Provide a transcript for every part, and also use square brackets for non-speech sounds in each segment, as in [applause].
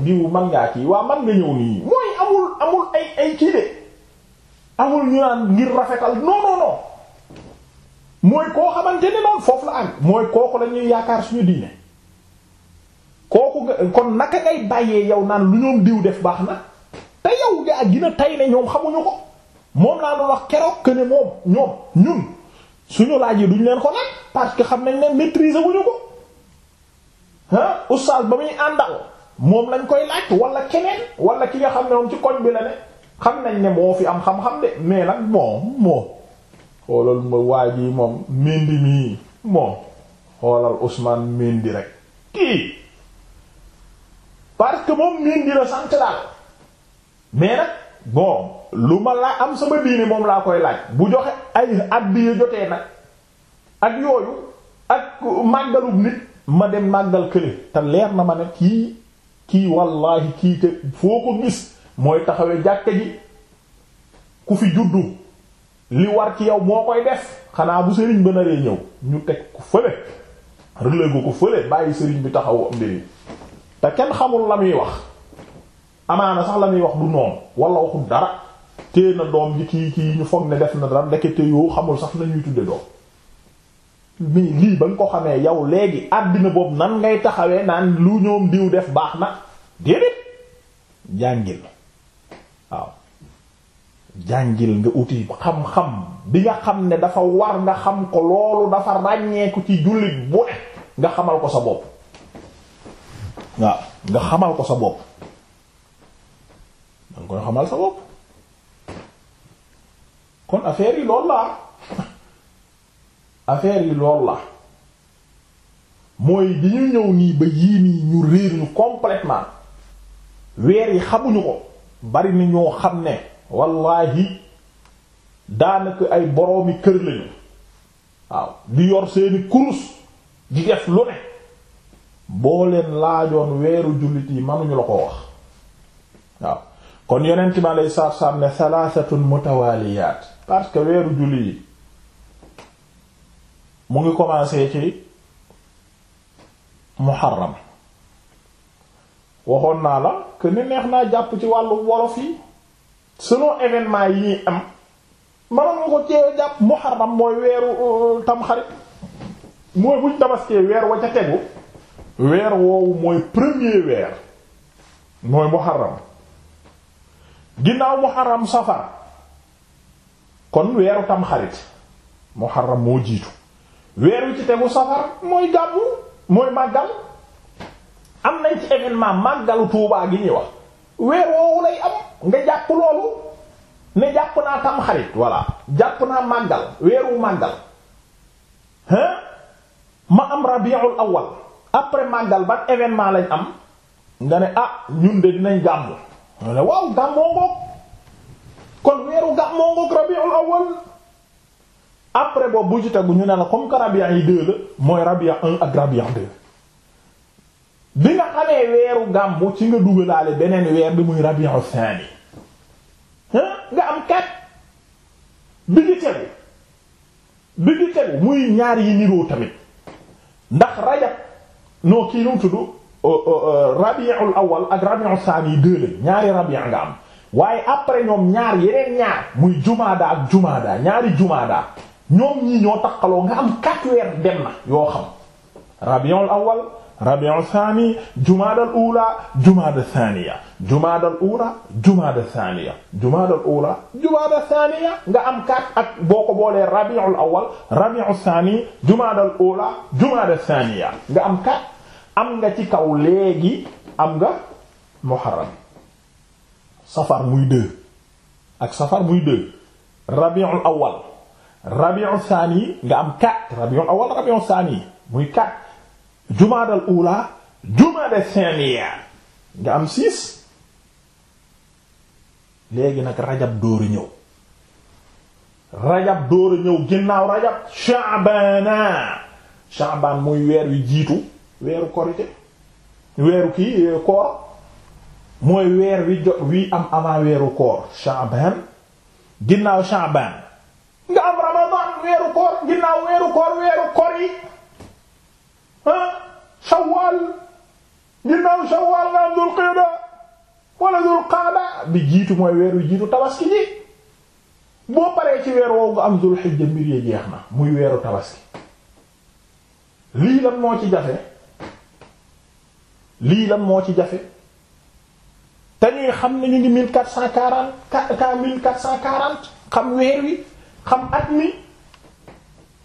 diw man ngaa kii waa man nga ñëw nii mooy amul amul ay ay kii de amul ñu naan ngir rafetal non non mooy koo xamante ne foofu la am mooy kooku ñuy yaakaar suñu diine kooku nga kon naka ngay bàyyee yow naan lu ñoom diw def baax na te yow gaa gina tey ne ñoom xamuñu ko moom laa doon wax ne moom ñoom ñun suñu laaj yi duñ leen ko nag parce que xam nañ ne maîtriser wuñu ko ah oustaz ba muy àndal. moom lañ koy laaj wala keneen wala ki nga xam ne moom ci koñ bi la ne xam nañ ne moo fi am xam mais nag moom moom xoolal ma waa ji moom mindi mii moom xoolal Ousmane mindi rek kii parce que moom mindi la sant daal mais nag bon lu ma laa am sama diine moom laa koy laaj bu joxe ay addiya jotee nag ak yooyu ak màggalub nit ma dem màggal kële te leer na ma ne kii kii wallaahi kii te foo ko gis mooy taxawe jàkka ji ku fi juddu li war ci yow moo koy def xanaa bu sëriñ ba naree ñëw ñu teg ko fële rëlëgu ko fële bàyyi sëriñ bi taxawu am te kenn xamul la muy wax amaana sax la muy wax du noonu wala waxul dara tee na doom ji kii kii ñu foog ne def na dara ndekete yoo xamul sax nañuy tudde doom mais lii ba nga ko xamee yow léegi àddina boobu nan ngay taxawee naan lu ñoom diw def baax na déedéet jàngil waaw jàngil nga uti xam-xam bi nga xam ne dafa war nga xam ko loolu dafa ràññeeku ci jullit bu ne nga xamal ko sa bopp waaw nga xamal ko sa bopp danga koy xamal sa bopp kon affaire yi loolu la [laughs] affaire yi lool la mooy bi ñu ñëw nii ba yii nii ñu réer ñu complètement weer yi xamuñu ko bari na ñoo xam ne wallaahi daanaka ay boroomi kër lañu waaw di yor seeni kurus di def lu ne boo leen laajoon weeru jullit yi mënuñu la ko wax waaw kon yonent mi aleyhi salaatu salaam ne thalathatun mutawaliyaat parce que weeru jullit yi mu ngi commencé ci muharram waxoon naa la que ne neex naa jàpp ci wàllu wolof yi selon événement yi am mënoon nga ko cee jàpp muharram mooy weeru euh, tamxarit mooy buñ tabaskee weer wa ca tegu weer woowu mooy premier weer mooy muharram ginnaaw muharram safar kon weeru tamxarit muharram moo jiitu weer wi ci tegu safar mooy gàmmu mooy màggal am nañ ci événement màggalu Tuubaa gi ñuy wax weer woowu lay am nga jàpp loolu ne jàpp naa tamxarit voilà jàpp naa màggal weeru màggal hein ma am rabiul awal après màggal ban événement lañ am nga ne ah ñun de dinañ gàmmu nga ne waaw gàmmoo ngoog kon weeru gàmmoo ngoog rabiul awal après boobu ci tegu ñu ne la comme que rabia yi deux la mooy rabia ak rabia deux bi nga xamee weeru gàmmu ci nga dugalaale beneen weer bi muy rabi'u thani nga am kat bi di tegu bi di tegu muy ñaar yi niroo tamit ndax rajab noo kii nu tudd euh, euh, euh, rabi'ul awwal ak rabi'u thani deux lañ ñaari rabi' nga am waaye après ñoom ñaar yeneen ñaar muy jumaada ak jumaada ñaari jumaada ñoom ñii ñoo takkaloo nga am quatre weer dem na yoo xam rabi'ul awwal rabi'u thani jumaada al-ula jumaada thaniya jumaada al-ula jumaada thaniya jumaada al-ula jumaada am kat ak boo ko boolee rabi'ul awwal rabi'u thani jumaada al-ula jumaada thaniya nga am kat am nga ci kaw léegi am nga muharram safar muy deux ak safar muy deux rabi'ul awwal rabi'u thani nga am quatre rabi'ul awwal rabi'u thani muy quatre jumaadal ula jumaadal thaniya nga am six léegi nag rajab dóoru ñëw rajab dóoru ñëw ginnaaw rajab shaabana shaabaan muy weer wi jiitu weeru korite weeru kii koor mooy weer wi jo wi am avant weeru koor shaabaan ginnaaw shaabaan nga am ramadan weeru koor ginnaaw weeru koor weeru koor yi ah Shawwal ginnaaw Shawwal nga am Dul Qida wala Dul Qaada bi jiitu mooy weeru jiitu tabaski ji boo paree ci weer woowu nga am Dul Hijja mbir yi jeex na muy weeru tabaski lii lan moo ci jafe lii lan moo ci jafe te ñuy xam ne ñu ngi mille quatre cent quarante quatre cent quarante xam weer wi xam at mi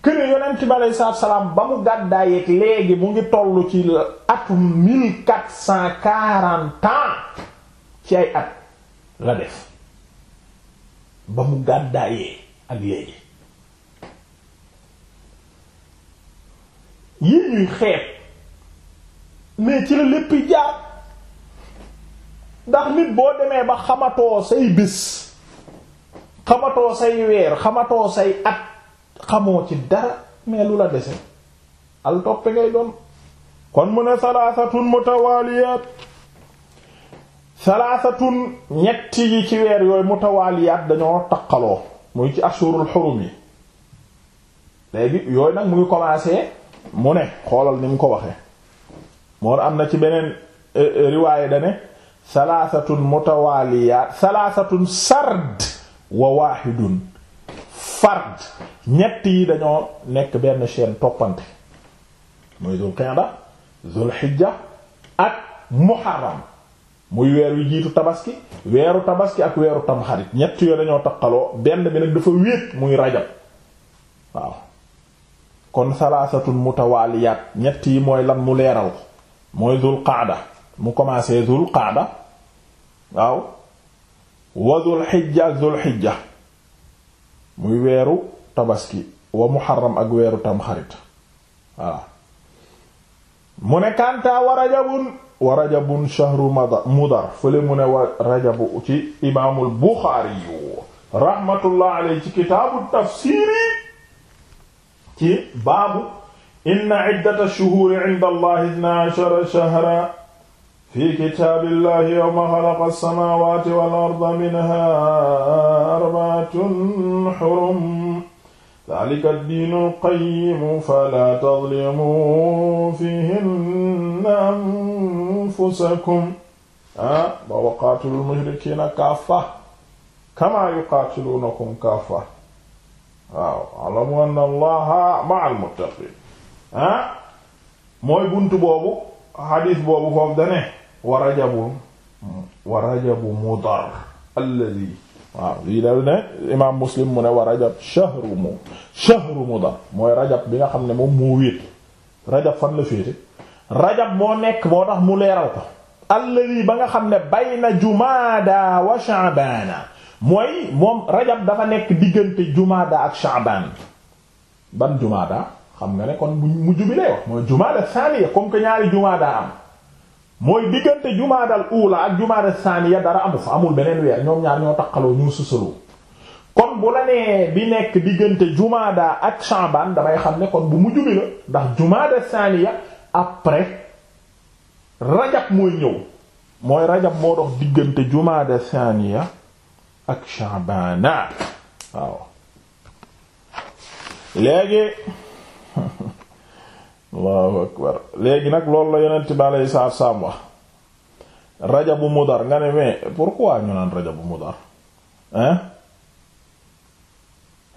këne yonent bi aleyhi salaam ba mu gàddaay ak léegi mu ngi toll ci atum mille quatre cent quarante ci ay at la def ba mu gàddaayee ak léegi yi ñuy xeeb mais ci la lépp jaar ndax nit boo demee ba xamatoo say bés xamatoo say weer xamatoo say at xamoo ci dara mais la dese al toppe ngay doon kon mu ne salaasatun mutawaaliyaat salaasatun ñetti yi ci weer yooyu mutawaaliyaat dañoo taqaloo muy ci ashurul xurum yi léegi yooyu nag muy commencé mu ne xoolal ni mu ko waxee moon am na ci beneen e, e, riwaaye da ne salaasatun mutawaaliyaat sard wa waahidun fard ñett yi dañoo nekk benn chaîne toppante muy dul qinda dul xijja ak muharram muy weer wi jiitu tabaski weeru tabaski ak weeru tamxarit ñett yooyu dañoo taqaloo benn bi nag dafa wéet muy rajab waaw kon salaasatun mutawaaliyaat ñett yi mooy lan mu leeral mooy dul qa'da mu commencé dul qa'da waaw wa dul xijja dul xijja muy weeru tabaski wa muharram ak weeru tamxarit waaw mu ne kantaa wa rajabun wa rajabun shahru mudar fële mu ne wa rajabu ci imaamul buxaari yu rahmatullah aley ci kitaabu tafsiiri ci baabu inna iddata shuhuuri inda allahi itna ashara shahra fi kitaabillahi yawma xalaqa as-samaawaati wal arda minhaa arba'atun hurum zaalika ad-diinul qayyim falaa tadlimuu fiihinna anfusakum ah wa qaatilul mushrikiina kaaffa kamaa yuqaatiluunakum kaaffa waaw i'lamuu anna Allaha ma'al muttaqiin ah mooy buntu boobu. xadiis boobu foofu dane wa rajabu wa rajabu mudar alladi waaw lii dal ne imaam muslim mu ne wa rajab shahru mu shahru mudar mooy rajab bi nga xam ne moom moo wéet rajab fan la féete rajab moo nekk moo tax mu leeral ko alladi ba nga xam ne bayna jumaada wa sha'baana mooy moom rajab dafa nekk diggante jumaada ak sha'baan ban jumaada xam nga ne kon mu jubilee wax mooy jumaada saaniya comme que ñaari jumaa daa am mooy diggante jumaadal uula ak jumaada saaniya dara amu fa amul beneen weer ñoom ñaar ñoo takkaloo ñu susaloo kon bu la nee bi nekk diggante jumaada ak shambaan damay xam ne bu mu ndax jumaada saaniya après rajab mooy ñëw mooy rajab moo dox diggante jumaada saaniya ak shambaana waaw léegi [laughs] allahu akbar léegi nag loolu la yonent bi aleyhi salaatu salaam wax rajabu mudar nga ne mais pourquoi ñu naan rajabu mudar hein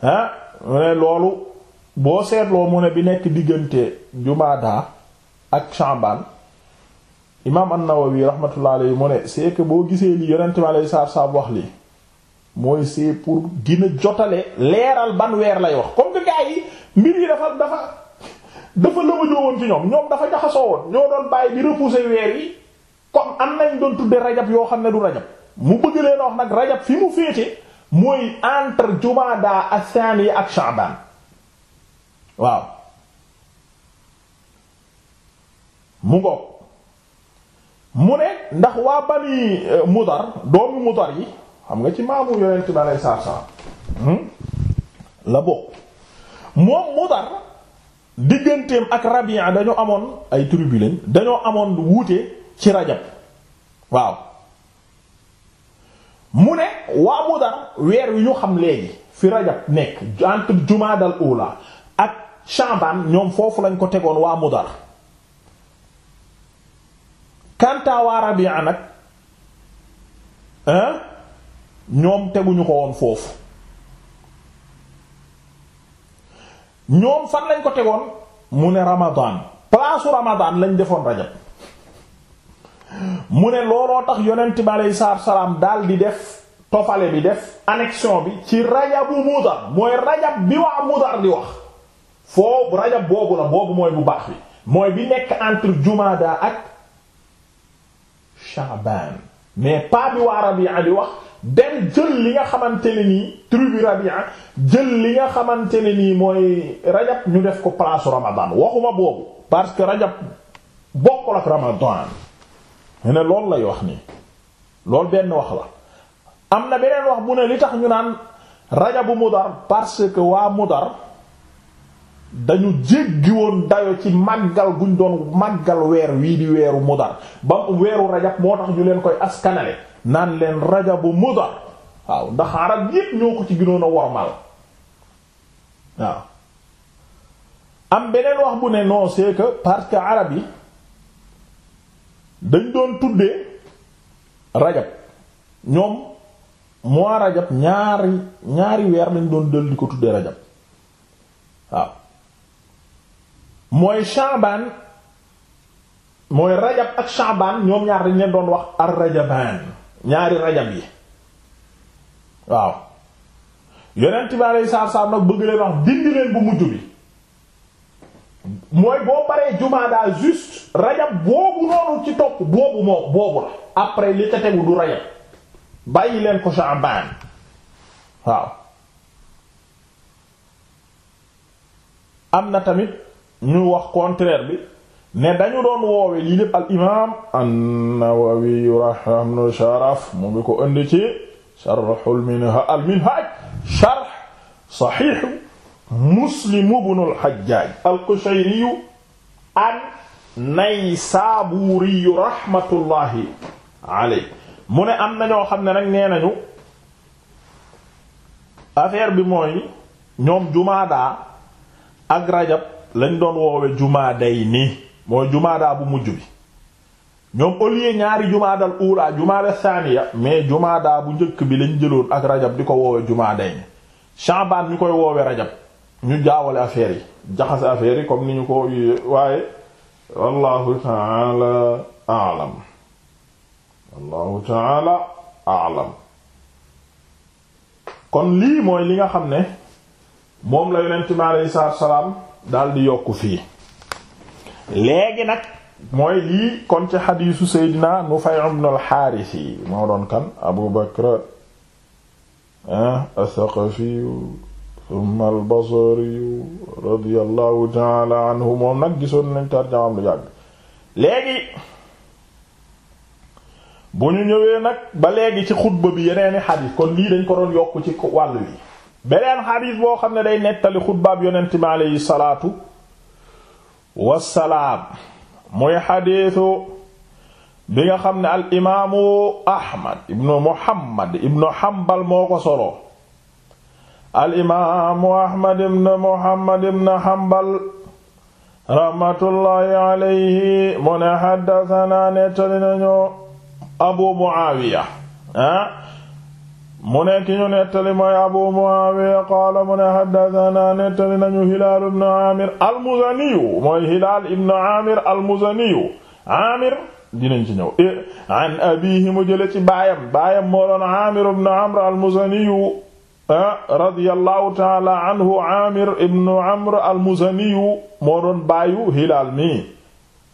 hein mu ne loolu boo seetloo mu ne bi nekk diggante jumaada ak shambaan imaam an-Nawawi rahmatullah alayhi mu ne c'est que boo gisee lii yonent bi aleyhi salaatu salaam wax lii mooy c'est pour gën a jotale leeral ban weer lay wax comme gaa yi mbir yi dafa dafa dafa lëbëjoo woon ci ñoom ñoom dafa jaxasoo woon ñoo doon bàyyi di repousser weer yi comme am nañ doon tudde rajab yoo xam ne du rajab mu bëgg leen wax nag rajab fi mu féete mooy entre jumada asani ak sha'ban waaw mu ngoog mu ne ndax waa bani euh, mudar doomu mudar yi xam nga ci maamu yonent bi alei saatu hmm, la bokk moom Mudar digganteem ak Rabi'a dañu amoon ay tribu dañoo amoon wuute ci Rajab waaw mu ne waa Mudar weer wi ñu xam léegi fi Rajab nekk entre jumaadal ula ak Sha'ban ñoom foofu lañ ko tegoon waa Mudar kanta waa Rabi'a nag ñoom teguñu ko woon foofu ñoom fan lañ ko tegoon mu ne Ramadan palaasu Ramadan lañ defoon rajab mu ne looloo tax yonent bi aleyhi salaam daal di def tofale bi def annexion bi ci rajabu mudar mooy rajab bi waa mudar di wax foofu rajab boobu la boobu mooy bu baax bi mooy bi nekk entre jumada ak Sha'ban mais pas bi waa Rabi'a di wax. dem jël li nga xamante ne nii tribu Rabi'a jël li nga xamante ne nii mooy rajab ñu def ko place Ramadan waxuma boobu parce que rajab bokkul ak Ramadan ñu ne loolu lay wax nii loolu benn wax la am na beneen wax mu ne li tax ñu naan rajabu Mudar parce que waa Mudar dañu jéggi woon dayo ci màggal guñ doon màggal weer wii di weeru Mudar ba weeru rajab moo tax ñu leen koy askanale naan leen rajabu mudar waaw ndax arab yépp ñoo ko ci ginoon a wormal waaw am beneen wax bu ne non c'est parce que arab yi dañ doon tuddee rajab ñoom mois rajab ñaari ñaari weer lañ doon dël di ko tuddee rajab waaw mooy shaaban mooy rajab ak shaaban ñoom ñaar dañ leen doon wax ar rajabaan ñaari rajab yi waaw yonent bi alayhi salaatu salaam nag bëgg leen wax dindi leen bu mujj bi mooy boo baree jumaa daal juste rajab boobu noonu ci topp boobu moo boobu la après li ca tegu du rajab bàyyi leen ko Sha'baan waaw am na tamit ñu wax contraire bi ne dañu doon woowe lii al imaam an-Nawawi rahimahullah sharaf mu ngi ko indi ci sharhul minha al minhaj sharh sahih Muslim ibn al-Hajjaj al-Qushayri an-Naysaburi rahmatullahi mu ne am na ñoo xam ne nag nee nañu affaire bi mooy ñoom jumaada ak rajab lañ doon woowe jumaaday mooy jumaada bu mujj bi ñoom au lieu ñaari jumaadal ula jumaada saaniya mais jumaada bu njëkk bi lañ jëloon ak rajab di ko woowe jumaaday ni shambaan ñu koy woowe rajab ñu jaawale affaire yi jaxase affaire yi comme ni ñu ko waaye wallahu taala alam wallahu taala alam kon lii mooy li nga xam ne moom la yonent mi aleyhi salaatu wa salaam yokk fii léegi nag mooy lii kon ci xadiisu Seydina Nufay ibn al-Haaris yi moo doon kan Abu Bakr ah, as-Saqafi thumma al-Basri radiyallahu ta'ala anhu moom nag gisoon nañ tarjamaam lu yàgg léegi bu ñu ñëwee nag ba léegi ci xutba bi yeneeni xadiis kon lii dañ ko doon yokk ci wàll wi beneen xadiis boo xam ne day nettali xutbaab yonent bi alayhi salaatu wassalaam muy xadiisu bi nga xam ne al imaamu ahmad ibnu muhammad ibnu hambal moo ko solo al imaamu ahmad ibnu muhammad ibnu hambal rahmatullahi alayhi mu ne xaddasanaa nettali nañu abu muaawiya ah mu ne ki ñu nettali mooy abu muawiya qaala mu ne nettali nañu hilaal ibn amir almuzaniyu mooy hilaal ibn amir almuzaniyu amir dinañ ci ñëw an abihi mu jële ci baayam ah, taala anhu amir ibn amr almuzaniyu moo baayu hilaal mi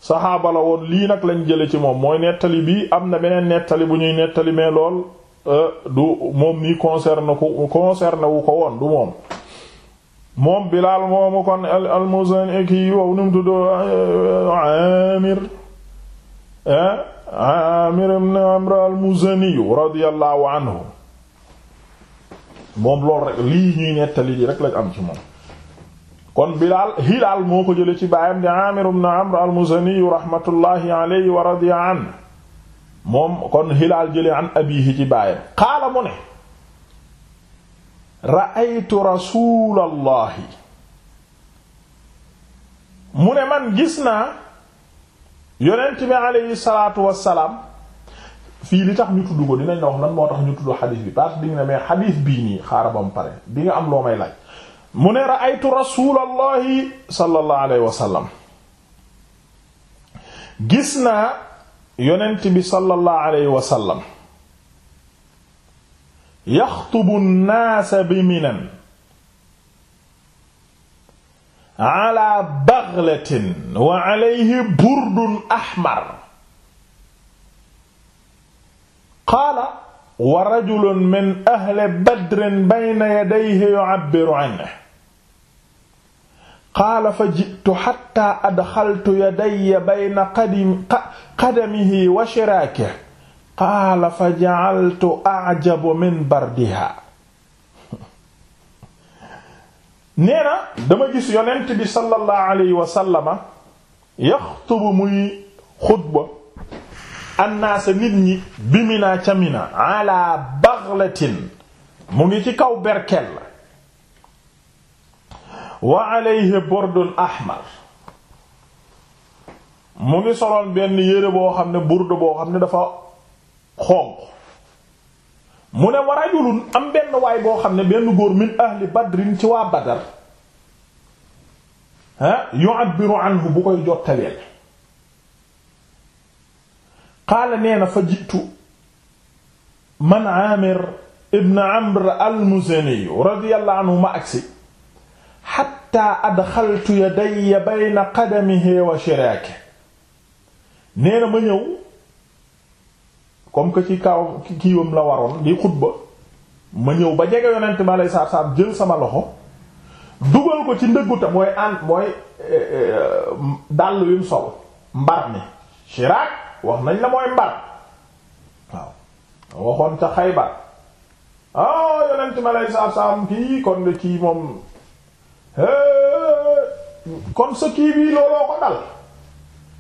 saxaaba la woon lii nag lañ jële ci moom mooy nettali bi am na beneen nettali bu ñuy nettali mais lool Euh, du moom nii concerne ko concerne wu ko woon du moom moom Bilaal moomu kon al-Muzani kii wow al-Muzani radiyallahu anhu moom loolu rek lii ñuy nettali di rek lañ am ci moom kon bilal Hilaal moo ko jële ci baayam di Amir ibn al-Muzani rahmatullahi alayhi wa anhu moom kon Hilaal jëlee an abiihi ci baayam qaala mu ne ra'aytu rasuulallahi mu ne man gis naa yonent bi alayhi salaatu wassalaam fii li tax ñu tudd ko dinañ la wax lan moo tax ñu tudd xadiis bi parce que dinga mais xadiis bii nii xaaral ba mu pare di am loo may laaj mu ne ra'aytu rasuulallahi sallallahu alayhi wasallam gis naa yonent bi sallallahu alayhi wa sallam yaxtubu nnaasa bi minan ala baglatin wa alayhi burdun ahmar qaala wa rajulun min ahli badrin bayna yadayhi yu'abbiru anhu qaala fa ji'tu xatta adxaltu yadaya bayna qadamihi wa shiraakihi qaala fa ja'altu a'jabu min bardiha nee na dama gis yonent bi sallallahu alayhi wa sallama yaxtubu muy xutba annaasa nit ñi bi Mina ca Mina ala baghlatin mu ngi ci kaw berkel wa alayhi burdun ahmar mu ngi soloon benn yére boo xam ne burdu boo xam ne dafa xonq mu ne wa rajulun am benn waay boo xam ne benn góor min ahli badrin ci waa badar ha yu'abbiru anhu bu koy jottaweel qaala nee na fa jitu man aamir ibn amr al-muzani radiyallahu anhu ma xatta adxaltu yadayya bayna qadamihi wa shiraaki nee na ma ñëw comme que ci kaw kiiwam la waroon di xutba ma ñëw ba jege yonent ma lay saab saab jël sama loxo dugal ko ci ndëggu mooy ànd mooy eh, eh, dàll wi sol mbar mi shiraak wax nañ la mooy mbar waaw waxoon ca Xaybar ah yonent ma lay saab saab kii kon kii moom kon sa kii bii looloo ko dal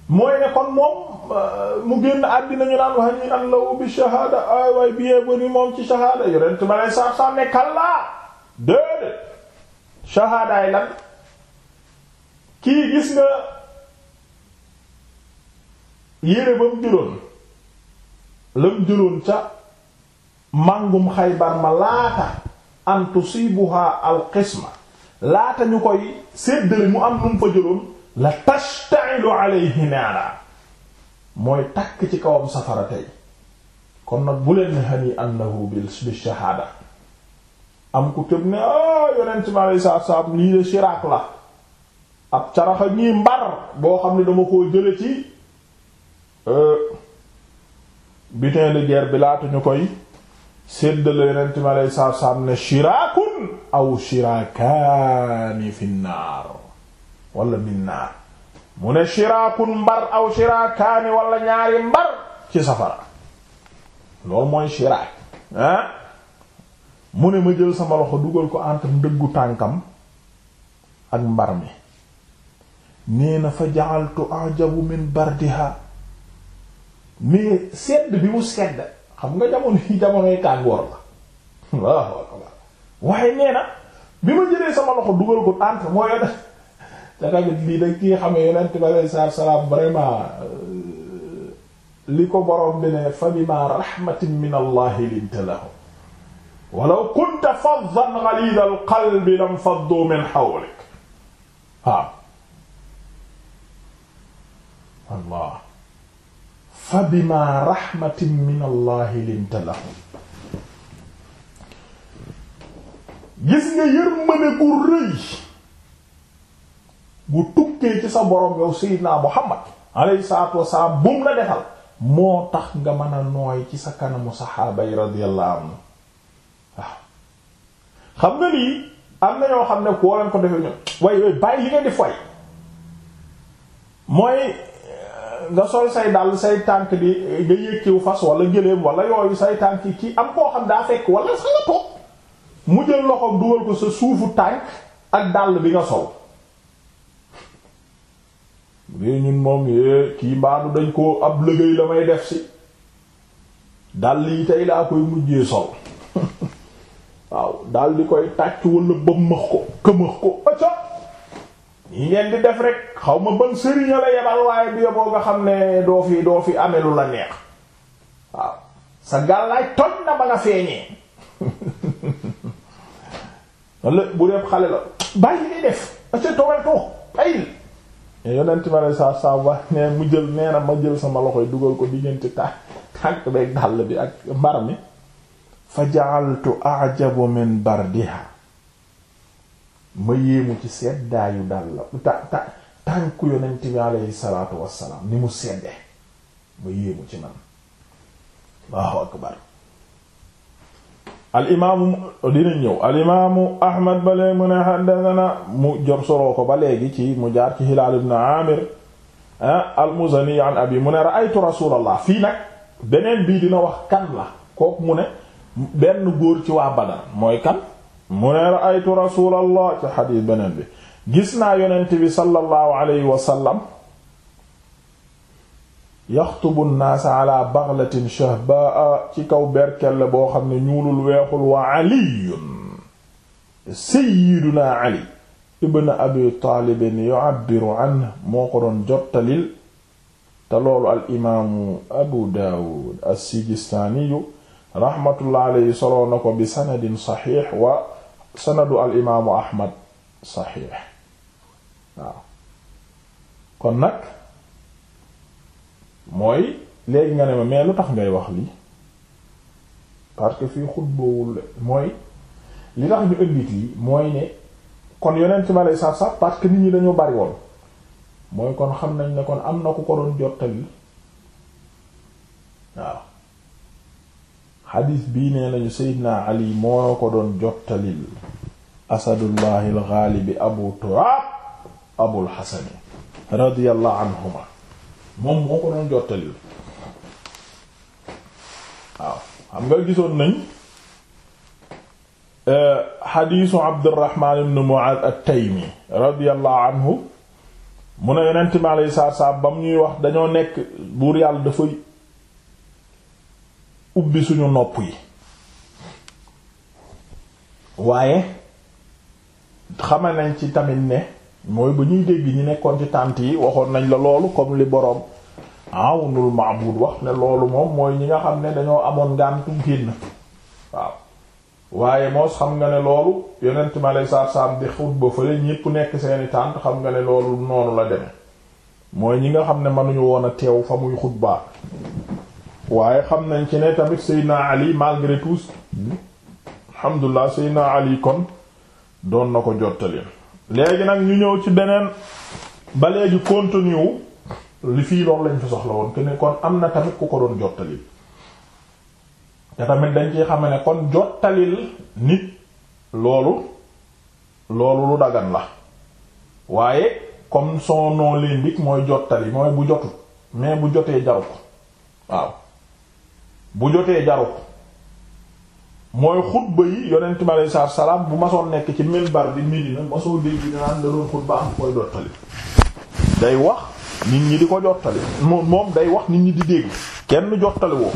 mooy ne kon moom euh, mu génn àddina ñu naan wax ni allahu bi shahada ay waay biyee ba ni moom ci shahada yorent ba lay sax sax ne kallaa déedéet shahadaay lan kii gis nga yére ba mu juróon la mu juróon ca màngum xaybar ma laata an tusibuha al laata ñu koy séddale mu am lu fa jëloon la tashta'ilu alayhi naara mooy takk ci kawam safara tey kon nag bu leen hani annahu bil shahaada am ku tëb ne ah yonent mi alayhi salaatu salaam lii de shiraak la ab caraxa ñii mbar boo xam ne dama koo jële ci euh, butin de guerre bi laata ñu koy séddale yonent mi alayhi salaatu salaam ne shiraaku aw shiraakaani fi naar wala min naar mu ne shiraakun mbar aw shiraakaani wala ñaari mbar ci safara loolu mooy shiraak ah mu ne ma jël sama loxo dugal ko entre ndëggu tànkam ak mbar mi nee na fa ja'altu ajabu min bardiha mais sedd bi mu sedd xam nga jamono yi jamonoy tàngoor la [laughs] waaye nee na bi ma jëlee sama loxo dugal ko entre mooy yone [laughs] te tamit lii dañ ciy xamee yonent bi alayhi salaatu salaam vraiment euh, li ko borom bi ne fa bima rahmatin min allah linta lahum walaw kunta faddan ghalid al qalbi lam faddu min hawlik waaw ah. allah fa bima rahmatin min allah linta lahum gis nga yërmande gu rëy gu tukkee ci sa borom yow Seydina Muhammad alayhi salaatu wassalaam bum la defal moo tax nga ci sa kanamu saxaaba yi radiyallahu anhu waaw xam nga lii am na ñoo xam ne koo leen ko defee ñoom way way bàyyi li nga di foy mooy eh, nga sol say dàll say tànk di eh, nga yéeg fas wala gëléem wala yooyu say tànk ci am koo xam daa fekk wala sa la toog mu jël loxoom dugal ko sa suufu tànk ak dàll bi nga sol bu ñun moom é kii mbaadu dañ ko ab liggéey la def si dàll yi tey laa koy mujjee sol [laughs] waaw dal di koy tàcc wala bëmmax ko këmax ko acca ñi ngeen di def rek xaw ma ban sëriña yebal waaye bi yoboo nga xam ne doo fi doo fi amelu la neex waaw sa gàllaay toj na ba nga feeñee [laughs] walla bu dee xale la bàyyi li def acca toogal toog bàyyil yonent ma ne saa saa wax ne mu jël nee ma jël sama loxo yi dugal ko diggante tà- tànk beeg dàll bi ak mbar mi fa ja'altu a'jabu min bardiha ma yéemu ci seddaayu dàll ta- ta- tànk yonent bi alayhi salaatu wassalaam ni mu sedde ma yéemu ci man Allahu akbar al imaamu dinañ ñëw al imaamu mu ne haddathana mu jor ko ba léegi ci mu jaar ci Hilaal ibn Aamir ah, al Muzani an abi mu ne ra'aytu rasulallah fii nag beneen bii dina wax kan la kooku mu ne benn góor ci waa Badar mooy kan mu ne ra'aytu rasulallah ci xadiis beneen bi gis naa yonent bi sallallahu alayhi wa yaxtubu nnaasa ala baghlatin shahbaa ci kaw berkel la boo xam ne ñuulul weexul wa aliyun sayyiduna ali ibn abi taalibin yu'abbiru anhu moo ko doon jottalil te loolu al imaamu abu daawud as-sijistaaniyu raxmatullah alayhi soloo na ko bi sanadin saxiix wa sanadu al imaamu ahmad saxiix waaw kon nag mooy léegi nga ne ma mais lu tax ngay wax lii parce que fii xutboowul mooy li tax ñu ëndit lii mooy ne kon yonent ma lay sax sax parce que nit ñi dañoo bari woon mooy kon xam nañ ne kon am na ku ko doon jottali waaw xadiis bii nee nañu Seydina Ali moo ko doon jottalil asadullahi alxaalibi abu turaab abul xasani radiyallahu anhuma moom moo ko doon jottalil waaw xam nga gisoon nañ xadiisu euh, Abdurrahmaan ibn Mu'aaz at-Taymi radiyallahu anhu mu ne yonent mi alayhi salaatu ba mu ñuy wax dañoo nekk buur yàlla dafa ubbi suñu nopp yi waaye xamal nañ ci tamit ne mooy ba ñuy dégg ñi nekkoon ci tànt yi waxoon nañ la loolu comme li boroom awnul maabud wax ne loolu moom mooy ñi nga xam ne dañoo amoon ngàntu génn waaw waaye moos xam nga ne loolu yonent ma lay saab-saab di xutba fële ñépp nekk seeni tànt xam nga ne loolu noonu la deme mooy ñi nga xam ne mënuñu woon a teew fa muy xutbaa waaye xam nañ ci ne tamit Seydina Ali malgré tout alhamdulilah Seydina Ali kon doon na ko jottali léegi nag ñu ñëw ci beneen ba léegi contenu wu li fii loolu lañu fi soxla woon que kon am na tamit ku ko doon jottali te tamit dañ ciy xam ne kon jottalil nit loolu loolu lu dagan la waaye comme son nom l'indique mooy jottali mooy bu jotu mais bu jotee jaru ko waaw bu jotee jaru ko mooy xutba yi yonent bi salaam bu masoon nekk ci minbar bi Medina masoo dégg dinaan da doon xutba am koy jottali day wax nit ñi di ko jottali moom day wax nit ñi di dégg kenn jottali woo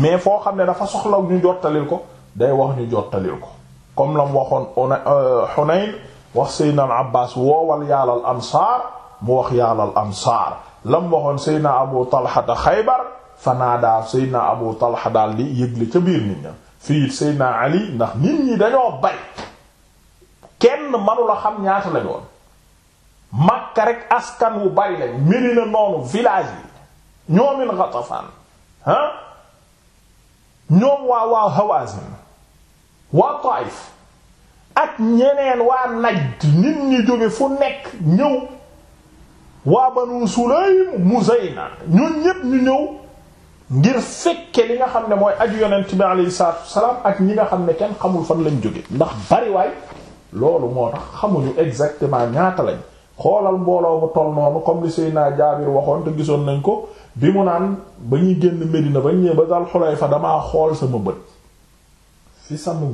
mais foo xam ne dafa soxla ñu jottalil ko day wax ñu jottalil ko comme la mu waxoon euh, Hunayn wax Seydina al Abbaas woowal yaalal ansaar mu wax yàlla ansaar la mu waxoon Seydina Abu Talha Xaybar fanaadaa Seydina Abu Talha daal di yëgle ca biir nit ña fii Seydina Ali ndax nit ñi dañoo bari kenn manula xam ñaata lañu woon Makka rek askan wu bari lañ Medina noonu village yi ñoomin Ghatafan ah ñoom waa waa Hawazin waa Taif ak ñeneen waa Najd nit ñi jóge fu nekk ñëw waa Banu Sulaym Muzayna ñun ñépp ñu ñëw ngir fekke li nga xam ne mooy aju yonent bi alayhi salaatu wasalaam ak ñi nga xam ne kenn xamul fan lañ jóge ndax bariwaay loolu moo tax xamuñu exactement ñaata lañ xoolal mbooloo mu toll noonu comme li Seydina Jaabir waxoon te gisoon nañ ko bi mu naan ba ñuy génn Medina ba ñëwee ba dal fa damaa xool sama bët fi sama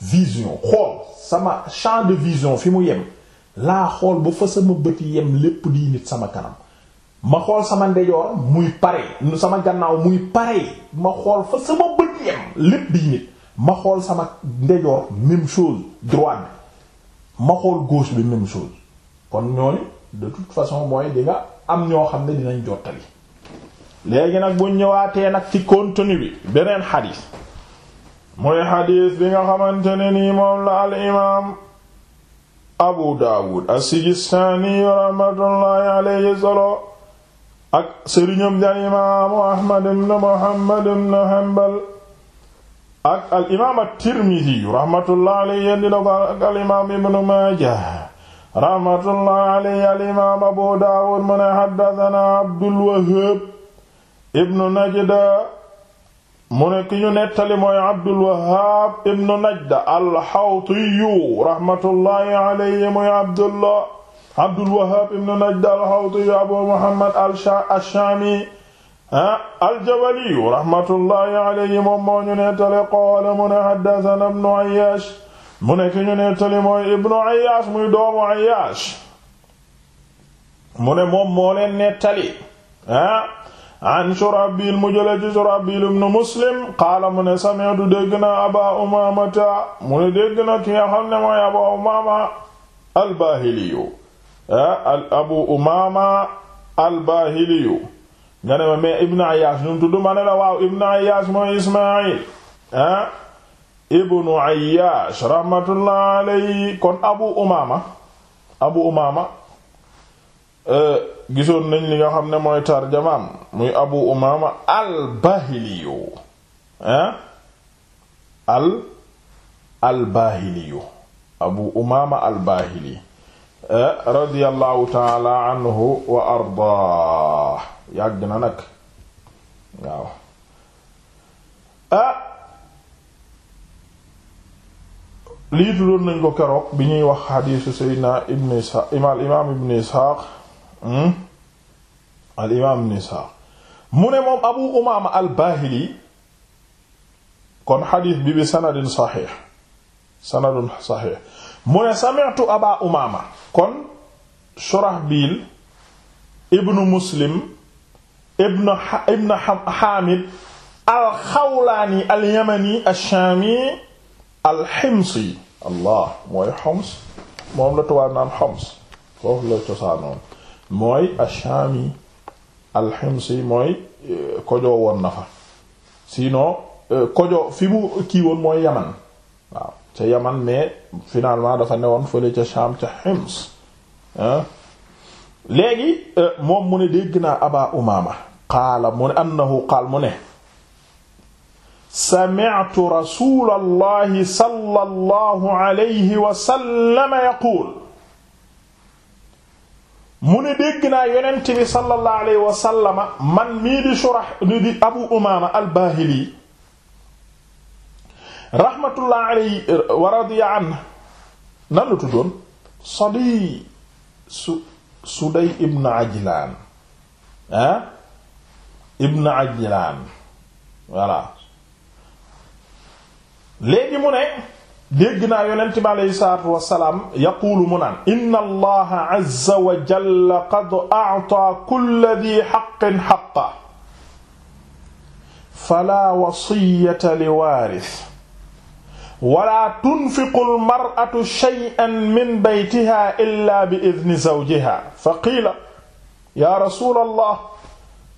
vision xool sama champ de vision fi mu yem laa xool ba fa sama bët yem lépp di nit sama kanam ma xool sama ndejoor muy pare sama gannaaw muy pare ma xool fa sama bët yem lépp di nit ma xool sama ndejoor même chose droite bi ma xool gauche bi même chose kon ñooñu de toute façon mooy di am ñoo xam ne dinañ jottali léegi nag bu ñëwaatee nag ci contenu bi beneen xadiis muy xadiis bi nga xamante ne nii moom la al imaam Abu Dawud as-Sijistani rahmatullahi alayhi solo ak sëriñam di al imaamu ahmad ibn muhammad ibn hanbal ak al imaam at-tirmidhi rahmatullah alayhi al imaam ibn maajah rahmatullah alayhi al imaam abu daawud mu ne haddathana abdul ibn najda mu ne ki nettali mooy abdul wahhab ibn najda al hawtiyu rahmatullahi alayhi mooy abdullah Abdul Wahhab ibn Najd al-Hawti Abu Muhammad al-Shami al-Jabali rahmatullahi alayhi moom moo ñu nettali qaala mu ne haddathana Ibnu Ayyash mu ne ki ñu nettali mooy Ibnu Ayyash muy doomu Ayyash mu ne moom moo leen nettali ah an Shurahbil mu jële ci Shurahbil ibn Muslim qaala mu ne sami'tu dégg na Aba Umaamata mu ne dégg na ki nga xam ne mooy Aba Umaama al-Baahili Ah, al abu umaama al bahiliyu nga ne ma mais ibn ayaash ñu tudd ma ne la waaw ibn ayaash mooy ismaayil ah ibnu ayaash rahmatullah alayhi kon abu umaama abu umaama eh, gisoon nañ li nga xam ne mooy tarjamaam muy abu umaama al bahiliyu ah al al bahiliyu abu umaama al bahili radiyallahu taala anhu wa ardaa yàgg na nag waaw ah lii tuddoon nañ ko keroog bi ñuy wax xadiisu seydina ibn isxaaq hmm? al mu ne moom abu umaama al baahili kon xadiis bi bi sanadin saxiix mu ne sami'tu aba umaama kon shurahbiil ibnu muslim ibnu ibnu alxawlaani alyamani alshaami alximsi allah mooy xoms moom la tubaab naan xoms foofu la cosaanoon mooy alshaami alximsi mooy eh, kojoo woon na fa sinon eh, kojoo fi mu kii woon mooy yaman ca Yaman mais finalement dafa newoon fële ca Sham ca Hims ah léegi euh, moom mu ne dégg naa Aba Umaama qaala mu ne annahu qaal mu ne sami'tu rasulallahi sallallahu alayhi wa sallam yaqul mu ne dégg naa yonent bi sallallahu alayhi wa sallama man mii di Shurah di Abu Umaama al-Baahili rahmatullah alayhi wa radiya an nan la tuddoon Sadi su Suday ibn Ajlan ah ibn Ajlan voilà léegi mu ne dégg naa yonent bi aleyhi salaatu wasalaam yaquulu mu naan inna allaha azza wa jalla qad a'ta kulla di haqqin haqqa fala wasiyata li waaris wala tunfiqul mar'atu shay'an min baytiha illa bi idni zawjiha fa qiila yaa rasuulallah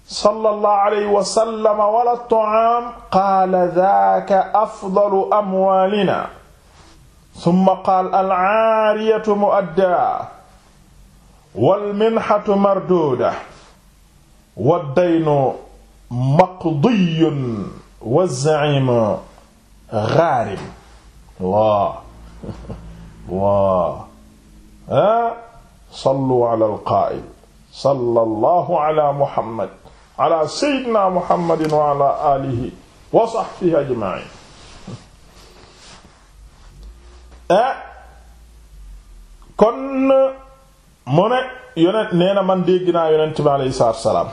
sallallahu alayhi wa sallam wala ta'aam qaala zaaka afdalu amwaalina summa qaala al-aariyatu mu'addaa wal-minhatu marduuda wad-daynu maqdiyyun waz-za'iimu ghaarim waa waa ah sallu ala alqaa'il sallallahu ala muhammad ala sayyidina muhammadin wa ala alihi wa sahbihi ajma'in ah kon mu ne yonent nee na man dégg naa yonent bi alayhi salaatu salaam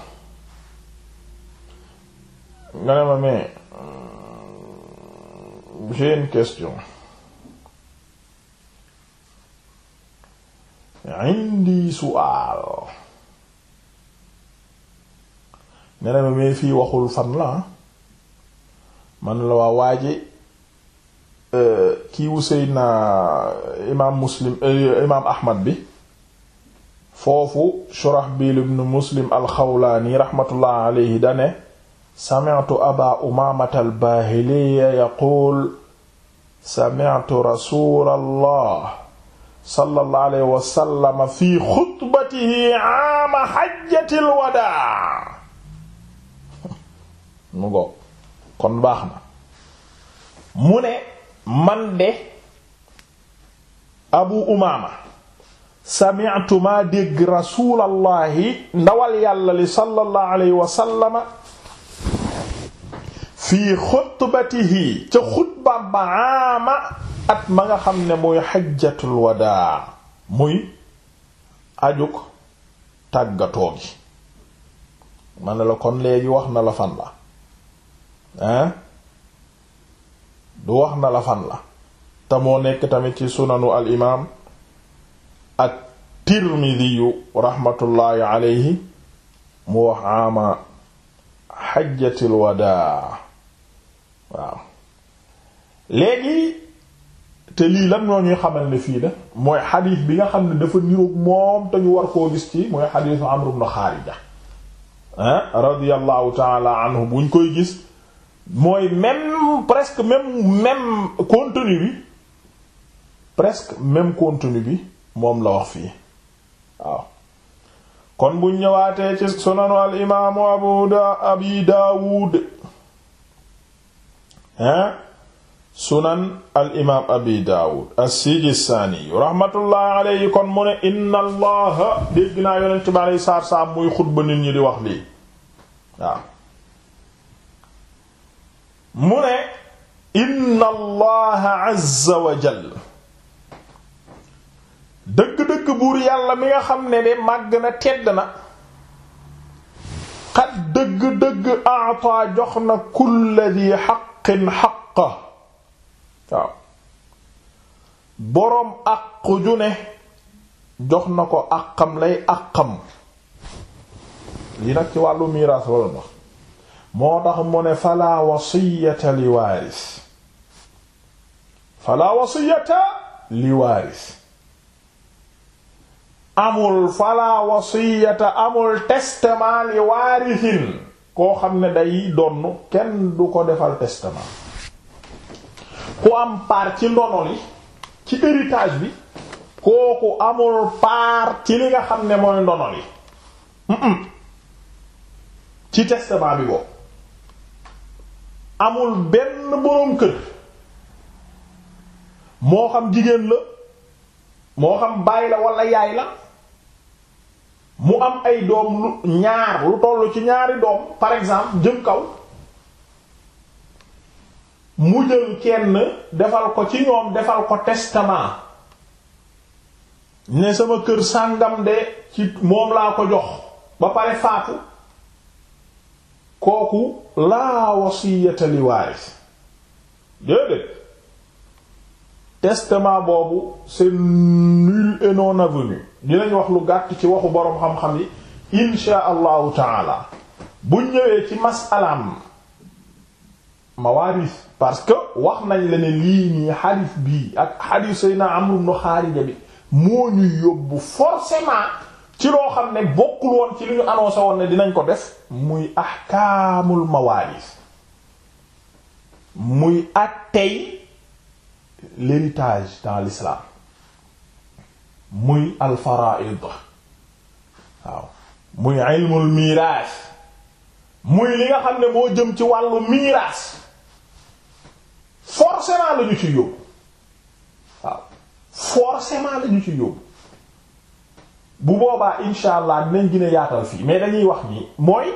nga ne ma mais euh, j'ai une question indi suwaal nga ne ma may fii waxul fan la ah. man la waa waaji euh, kiiwu Seydina imaam muslim euh, imaam ahmad bi foofu Shurahbil ibn muslim alxawlaani raxmatullah alayhi dane sami'tu aba umaamata albahiliya yaquul sami'tu rasulallah sallallahu alayhi wa sallam fi xutbatihi aama xajjatil wadaa mu ngo kon baax na mu ne man de abu umaama sami'tu ma dégg rasulallahi ndawal yàlla li sallallahu alayhi wa sallama fii xutbatihi ca xutbaam ba ama at ma nga xam ne muy xajjatul wadaa muy ajug tàggatoo gi ma la kon léegi wax na la fan la hein du wax na la fan la te moo nekk tamit ci sunanu al imaam ak tirmidiyu raxmatullaahi mu wax ama xajjatul wadaa waaw léegi te lii lan ñoo ñuy xamal ne fii la mooy xadiis bi nga xam ne dafa niroog moom te ñu war koo gis ci mooy xadiisu Amr ibn Xaarija radiyallahu taala anhu buñ koy gis mooy même presque même même contenu bi presque même contenu bi moom la wax fii waaw kon buñ ñëwaatee ci sunanu al imaamu abu da abi daawud ah sunan al imaam abi daawud as-sijistaani rahmatullahi alayhi kon mu ne inna allaha dégg naa yonent bi alayhi salaatu salaam muy xutba nit ñi di wax lii mu ne inna allaha azza wa jalla dëgg-dëgg buur yàlla mi nga xam ne de màgg na tedd na xat dëgg-dëgg a'ta jox na kulli di xaq xaqin xaqa waaw boroom àq ju ne jox na ko àqam lay àqam li nag ci wàllu miraas wala bax moo tax mu ne fala wasiyata li waaris fala wasiyata li waaris amul fala wasiyata amul testament waarisin koo xam ne day donn kenn du ko defal testament ku am part ci ndono li ci héritage bi kooku amul paar ci li nga xam ne mooy ndono li ci testament bi boobu amul benn boroom kër moo xam jigéen la moo xam baay la walla yaay la mu am ay doom lu ñaar lu toll ci ñaari doom par exemple jëm kaw mu jël kenn defal ko ci ñoom defal ko testament ne sama kër sàngam de ci moom laa ko jox ba pare faatu kooku laa wasiyata li waaris déedéet testament boobu c'est nul et non dinañ wax lu gàtt ci waxu boroom xam-xam yi insha allahu taala bu ñëwee ci masalaam mawaaris parce que wax nañ la ne lii nii xadiis bii ak xadiis sayna Amru ibn Xaarija bi moo ñuy yóbbu forcément ci loo xam ne bokkul woon ci li ñu annoncé woon ne dinañ ko def muy ahkaamul mawaaris muy ak l'héritage dans l'islam muy al fara'id waaw muy ilmul miraas muy li nga xam ne moo jëm ci wàllu miraas forcément la ñu ci yóbbu waaw forcément la ñu ci yóbbu bu boobaa insha allah dinañ gën a yaatal fii mais dañuy wax ni mooy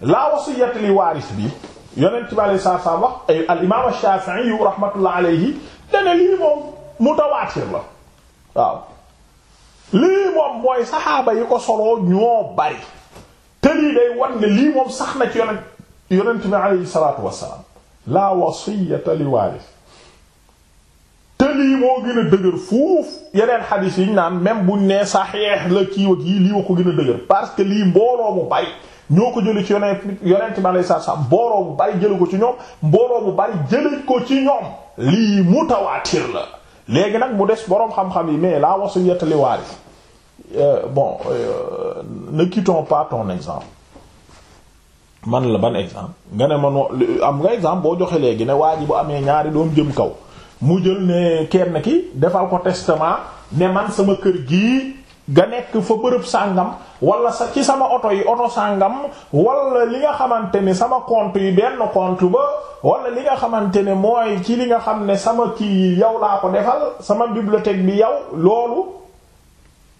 la wasiyat li waaris bi yonent bi alayhi salaatu salaam wax ay al imaam Shaafi'i yu rahmatullah alayhi dana lii moom mutawaatir la waaw lii moom mooy saxaaba yi ko soloo ñoo bari te lii day wan ne sax na ci yonent yonent bi alayhi salaatu wassalaam laa wasiyata li waaris te lii moo gën a fuuf yeneen xadiis yi ñu naan même buñ nee saxiix la kii wa kii lii wa ko gën a dëgër parce que lii mbooloo mu bari ñoo ko jëlee ci yonent yonent bi sax salaam mbooloo bu bari jëlee ko ci ñoom mbooloo bu bari jëlee ko ci ñoom lii mu mutawaatir la léegi nag mu des boroom xam-xam yi mais laa la wasiyata li waaris euh, bon euh, ne quittons pas ton exemple man la ban exemple nga ne man am nga exemple boo joxee léegi ne waa ji bu amee ñaari doom jëm kaw mu jël ne kenn ki defal ko testament ne man sama kër gii. ga nekk fa bërëb sàngam wala sa ci sama oto yi oto sàngam wala li nga xamante ni sama compte yi benn compte ba wala li nga xamante ne mooy ci li nga xam ne sama kii yow laa ko defal sama bibliothèque bi yow loolu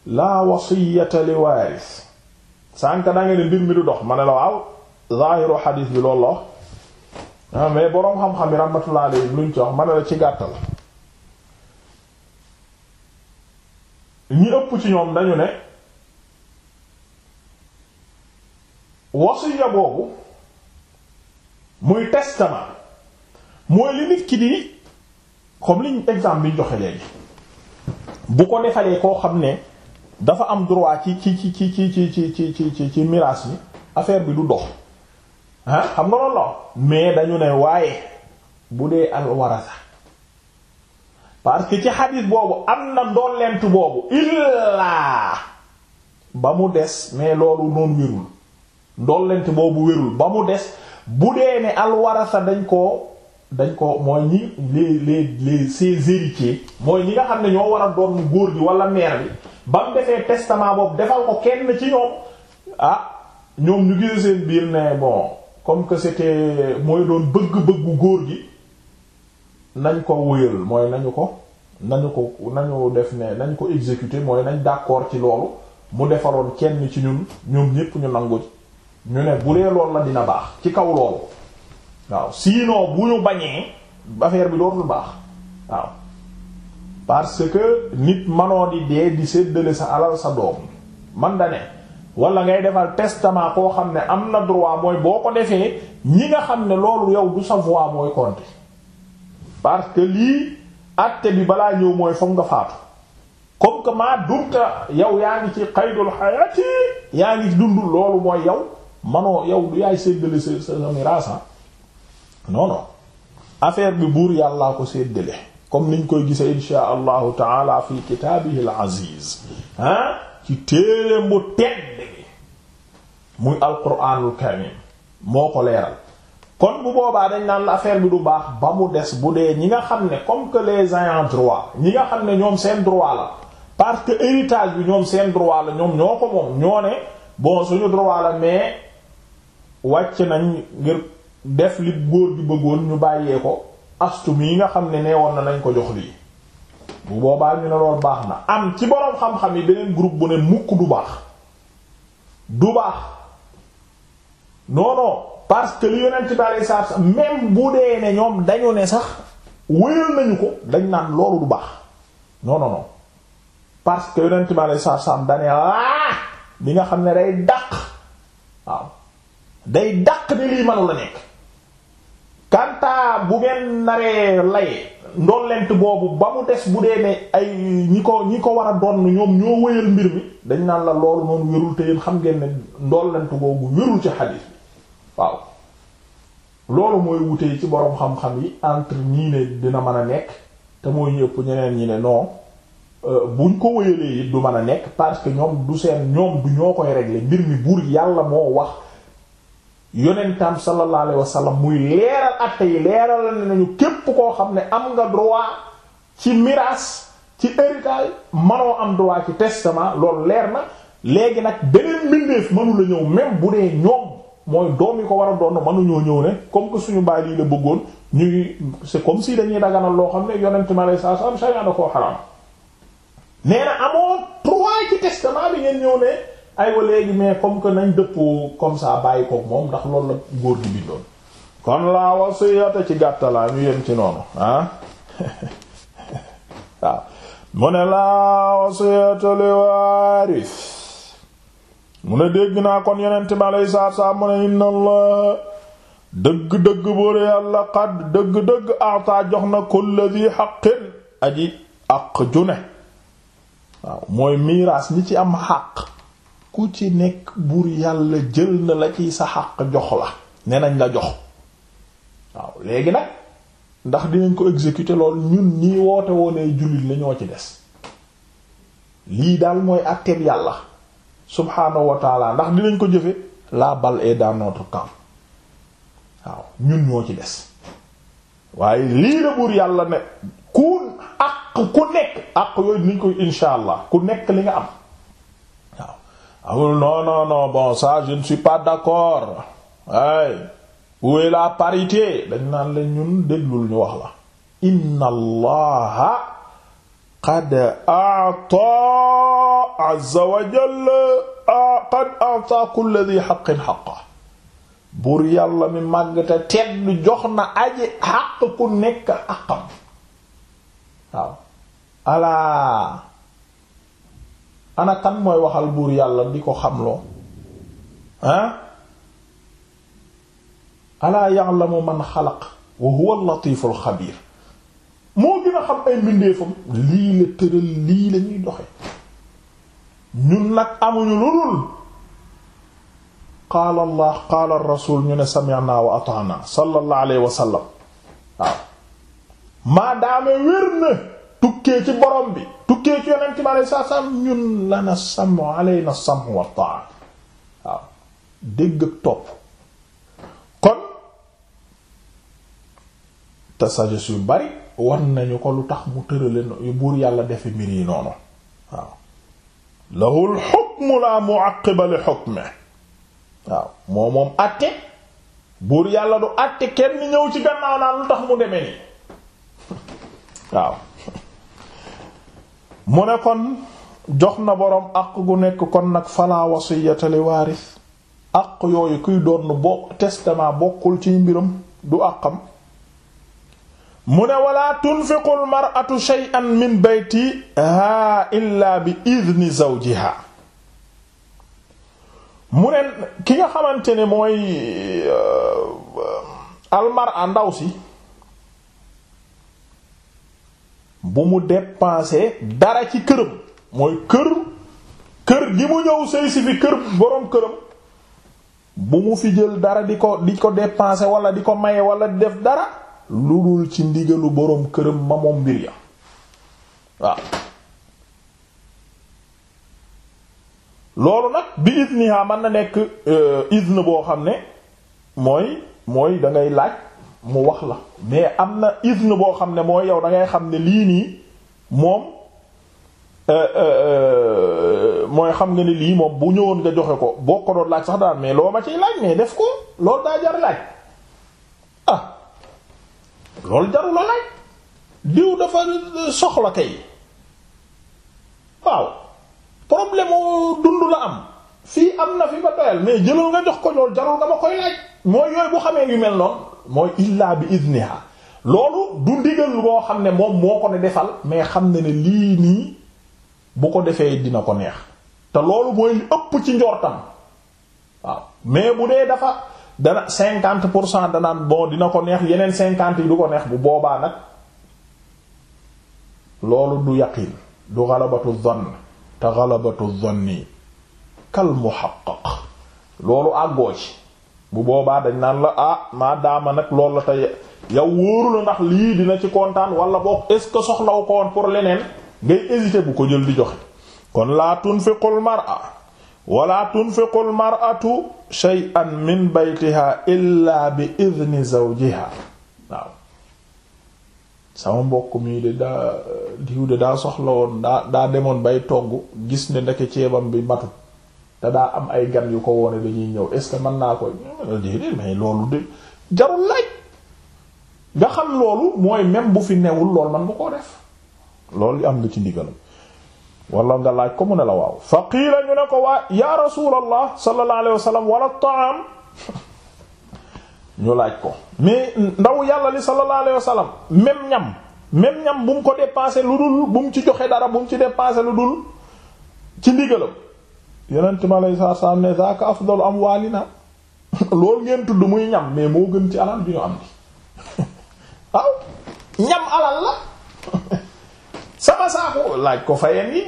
laa wasiyata li waaris sànk da nga ne mbir mi du dox ma ne la waaw zahiru xadiis bi loolu la ah, mais boroom xam-xam yi rahmatullah alayhi luñ ci wax ma ne la ci gàttal ñi ëpp ci ñoom dañu ne wasiya boobu muy testament mooy li nit ki comme liñ exemple bi ñu joxe léegi bu ko defalee koo xam ne dafa am droit ci ci ci ci ci ci ci ci ci ci ci miraas yi affaire bi du dox ah xam nga loolu mais dañu ne waaye bu dee al warasa parce que ci xadis boobu am na ndolleent boobu illaa ba mu des mais loolu noonu wérul ndolleent boobu wérul ba mu des bu dee ne alwarasa dañ koo dañ ko mooy ñi les les les ses héritiers mooy ñi nga xam ne ñoo war doon doon góor gi wala meer bi ba mu defee testament boobu defal ko kenn ci ñoom ah ñoom ñu gisee seen biir ne bon comme que c'était mooy doon bëgg-bëggu góor gi nañ ko wóyal mooy nañu ko nañu ko nañu def ne nañ ko exécuter mooy nañ d'accord ci loolu mu defaloon kenn ci ñun ñoom ñépp ñu nangu ñu ne bu dee lool la dina baax ci kaw loolu waaw sinon bu ñu bañee affaire bi dootul baax waaw parce que nit manoo di dee di séddale sa alal sa doom man da ne wala ngay defal testament koo xam ne am na droit mooy boo ko defee ñi nga xam ne loolu yow du sa voix mooy compter parce que lii àtte bi balaa ñëw mooy foog nga faatu comme que maa dumta yow yaa ngi ci qaydul hayati yaa ngi dundul loolu mooy yow manoo yow du yaay séddale sa sa miraasa ah. non non affaire bi buur yàllaa ko séddale comme niñ koy gise insha allahu taala fi kitaabihi al aziz ah ci téere mu tedd bi muy alquranul karim moo ko leeral kon bu boobaa dañ naan la affaire bi du baax ba mu des bu dee ñi nga xam ne comme que les ayants droit ñi nga xam ne ñoom seen droit la parce que héritage bi ñoom seen droit la ñoom ñoo ko moom ñoo ne bon suñu droit la mais wàcc nañ ngir def li góor gi bëggoon ñu bàyyee ko astu yi nga xam ne nee woon na nañ ko jox lii bu boobaa ñu ne lool baax na am ci boroom xam-xam yi beneen groupe bu ne mukk du baax du baax non parce que li yonent bi alei satu slam même bu dee ne ñoom dañu ne sax wéyal nañu ko dañ naan loolu du baax non parce que yonent bi alei satu slam dane bi ah, nga xam ne day dàq waaw day dàq ni lii mënu la nekk kanta bu ngeen naree laye ndollent boobu ba mu des bu dee ne ay ñi ko ñi ko war a doon ñoom ñoo wéyal mbir mi dañ naan la loolu noonu wérul te xam ngeen ne ndollent boobu wérul ci xadiis bi waaw loolu mooy wutee ci boroom xam-xam yi entre ñii ne dina mën a nekk te mooy ñëpp ñeneen ñi ne non euh, buñ ko wéyalee it du mën a nekk parce que ñoom du seen ñoom du ñoo koy régler mbir mi buur yàlla moo wax yonentam sallallahu alayhi wa sallam muy leeral atte yi leeral la ne nañu képp koo xam ne am nga droit ci miraas ci héritage manoo am droit ci testament loolu leer na léegi nag beneen mbindeef mënu la ñëw même bu dee ñoom mooy doom yi ko war a doon mënuñoo ñëw ne comme que suñu baay la bëggoon ñuy comme si dañuy daganal loo xam ne yonent ma lay saa saa am sharia da koo xaraam nee na amoo trois ci testament bi ngeen ñëw ne aywa léegi mais comme que nañ dëppoo comme ça bàyyi koog moom ndax loolu la góor gi bindoon. kon laa wasiyata ci gàttalaa ñu yem ci noonu ah [laughs] waaw mu ne laa wasiyata li waaris mu ne dégg naa kon yonent bi aleyhi salaatu salaam mu ne inna allah dëgg-dëgg boole yàlla xad dëgg-dëgg ata jox na kulla di xaqin aji àq june ne waaw mooy miraas ñi ci am xaq ku ci nekk buur yàlla jël na la ci sa xaq jox la ne nañ la jox waaw léegi nag ndax dinañ ko exécuter loolu ñun nii woote woonee jullit la ñoo ci des lii daal mooy àtteeb yàlla subhaanahu wa taala ndax dinañ ko jëfe la balle est dans notre camp waaw ñun ñoo ci des waaye lii la buur yàlla ne ku àq ku nekk àq yooyu dinañ koy insha allah ku nekk li nga am waaw amul non non non bon ça je ne suis pas d'accord ay où la parité dañ naan la ñun déglul ñu wax la inna allaha qad a'ta azza wa jalla qad a'ta buur yàlla mi màgg te tedd jox na aji xaq waaw alaa ana kan mooy waxal buur yàlla di ko xamloo ah alaa man xalaq wa huwa al-latiful moo gën a xam ay mbindeefam lii la tëral lii lañuy doxe ñun nag amuñu lu dul qaala allah qaala ñu ne sami'na wa ata'na sallallahu alayhi wa waaw maadaame wér na tukkee ci borom bi tukkee ci yonent bi alayhi salaam ñun waaw dégg ak topp kon te sagesse yu bari war nañu ko lu tax mu tërale buur yàlla defe mbir yi noonu waaw lahul hukmu la mu'aqqiba li hukmihi waaw moo moom àtte buur yàlla du àtte kenn ñëw ci gannaaw naan lu tax mu deme nii waaw mu ne kon jox na boroom àq gu nekk kon nag fala wasiyata li waaris àq yooyu kuy doon boo testament bokkul ci mbiram du àqam mu ne wala tunfiqu almaratu an min baytiha illa bi idni zawjiha mu ne ki nga xamante ne mooy euh, almara ndaw si bu mu dépenser dara ci këram mooy kër kër gi mu ñëw sëy si fi kër boroom këram bu mu fi jël dara di ko di ko dépenser wala di ko maye wala di def dara lu dul ci ndigalu boroom këram ma moom mbir ya waaw loolu nag bi isniha mën na nekk euh, isne boo xam ne mooy mooy dangay laaj mu wax la mais am na isne boo xam ne mooy yow dangay xam ne lii nii moom euh, euh, mooy xam nga ne lii moom bu ñëwoon nga joxe ko boo ko laaj sax daan mais loo ma ciy laaj mais def ko loolu daa jar laaj loolu jarul la laaj diw dafa euh, soxla kay waaw problème dund la am fii am na fi ba doyal mais jëlal nga jox ko loolu jarul nga ma koy laaj mooy yooyu bu xamee yu mel noon mooy illa bi idniha loolu du ndigal boo xam ne moom moo ko ne defal mais xam ne ne lii nii bu ko defee dina ko neex te loolu mooy ëpp ci njortam waaw mais bu dee dafa dana cinquante pour cent danaan boo dina ko neex yeneen cinquante yi du ko neex bu boobaa nag loolu du yaqin du galabatu zann te galabatu zanni kal muhaqqaq loolu àggoo ci bu boobaa dañ naan la ah maa daama nag loolu la tey yow wóoru ndax lii dina ci kontaan wala boog est ce que soxlaw ko woon pour leneen ngay hésiter bu ko jël di joxe kon laa tunfiqul mar'a wala tunfiqu almaratu shay'an min baytiha illa bi idni zawjiha waaw sama mbokk mii de daa diw de daa soxla woon daa daa demoon bay togg gis ne ndeke ceebam bi matut te daa am ay gan yu ko woone dañuy ñëw est-ce que mën naa koy eh, déedéet mais loolu de jarul laaj nga xam loolu mooy même bu fi newul lool man nga koo def loolu am nga ci ndigalam wala nga laaj ko mu ne la waaw fa qiila ñu ne ko waa ya rasulallah sallallahu alayhi wa sallam wala ta'am [laughs] ñu laaj ko mais ndaw yàlla li sallallahu alayhi wa sallam même ñam même ñam bu mu ko dépasser lu dul bu mu ci joxe dara bu mu ci dépasser lu dul ci ndigalam yonent mi alayhi salaatu salaam ne zaaka afdalu amwaalina [laughs] loolu ngeen tudd muy ñam mais moo gën ci alal bi ñu am bi [laughs] waaw ñam alal la ko laaj ko fayeen yi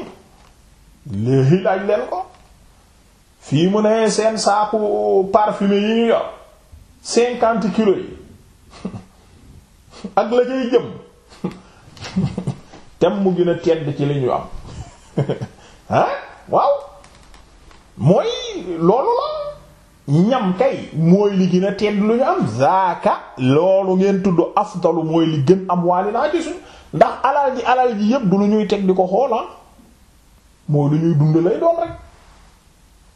léegi laaj leen ko fii mu ne seen saaku parfumé yi ñu yor cinquante kilos yi ak la cay jëm tem mu gën tedd ci li ñu am ah waaw mooy loolu la ñam kay mooy li gën tedd lu ñu am zaaka loolu ngeen tudd afdalu mooy li gën am waali naa ci ndax alal ji alal ji yépp du lu ñuy teg di ko xoola ah. mooy lu ñuy dund lay doon rek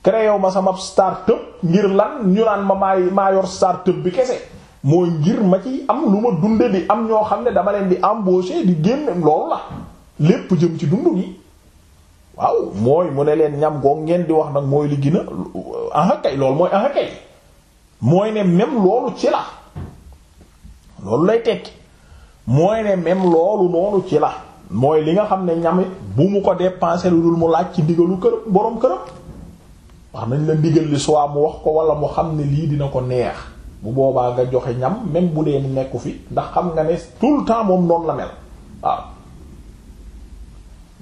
créé ma sama start-up ngir lan ñu naan ma maay maa yor start-up bi kese mooy ngir ma ci am lu ma dunde li am ñoo xam ne dama leen di embaucher di génn loolu la lépp jëm ci dund gi waaw mooy mu ne leen ñam goog ngeen di wax nag mooy li gën a aha kay loolu mooy aha kay mooy ne même loolu ci la loolu lay tekki mooy ne même loolu noonu ci la mooy li nga xam ne ñamit bu mu ko dépensé lu dul mu laaj ci ndigalu kër boroom këram wax nañ la ndigal li soit mu wax ko wala mu xam ne lii dina ko neex bu boobaa nga joxe ñam même bu dee nekku fi ndax xam nga ne tout le temps moom noonu la mel waaw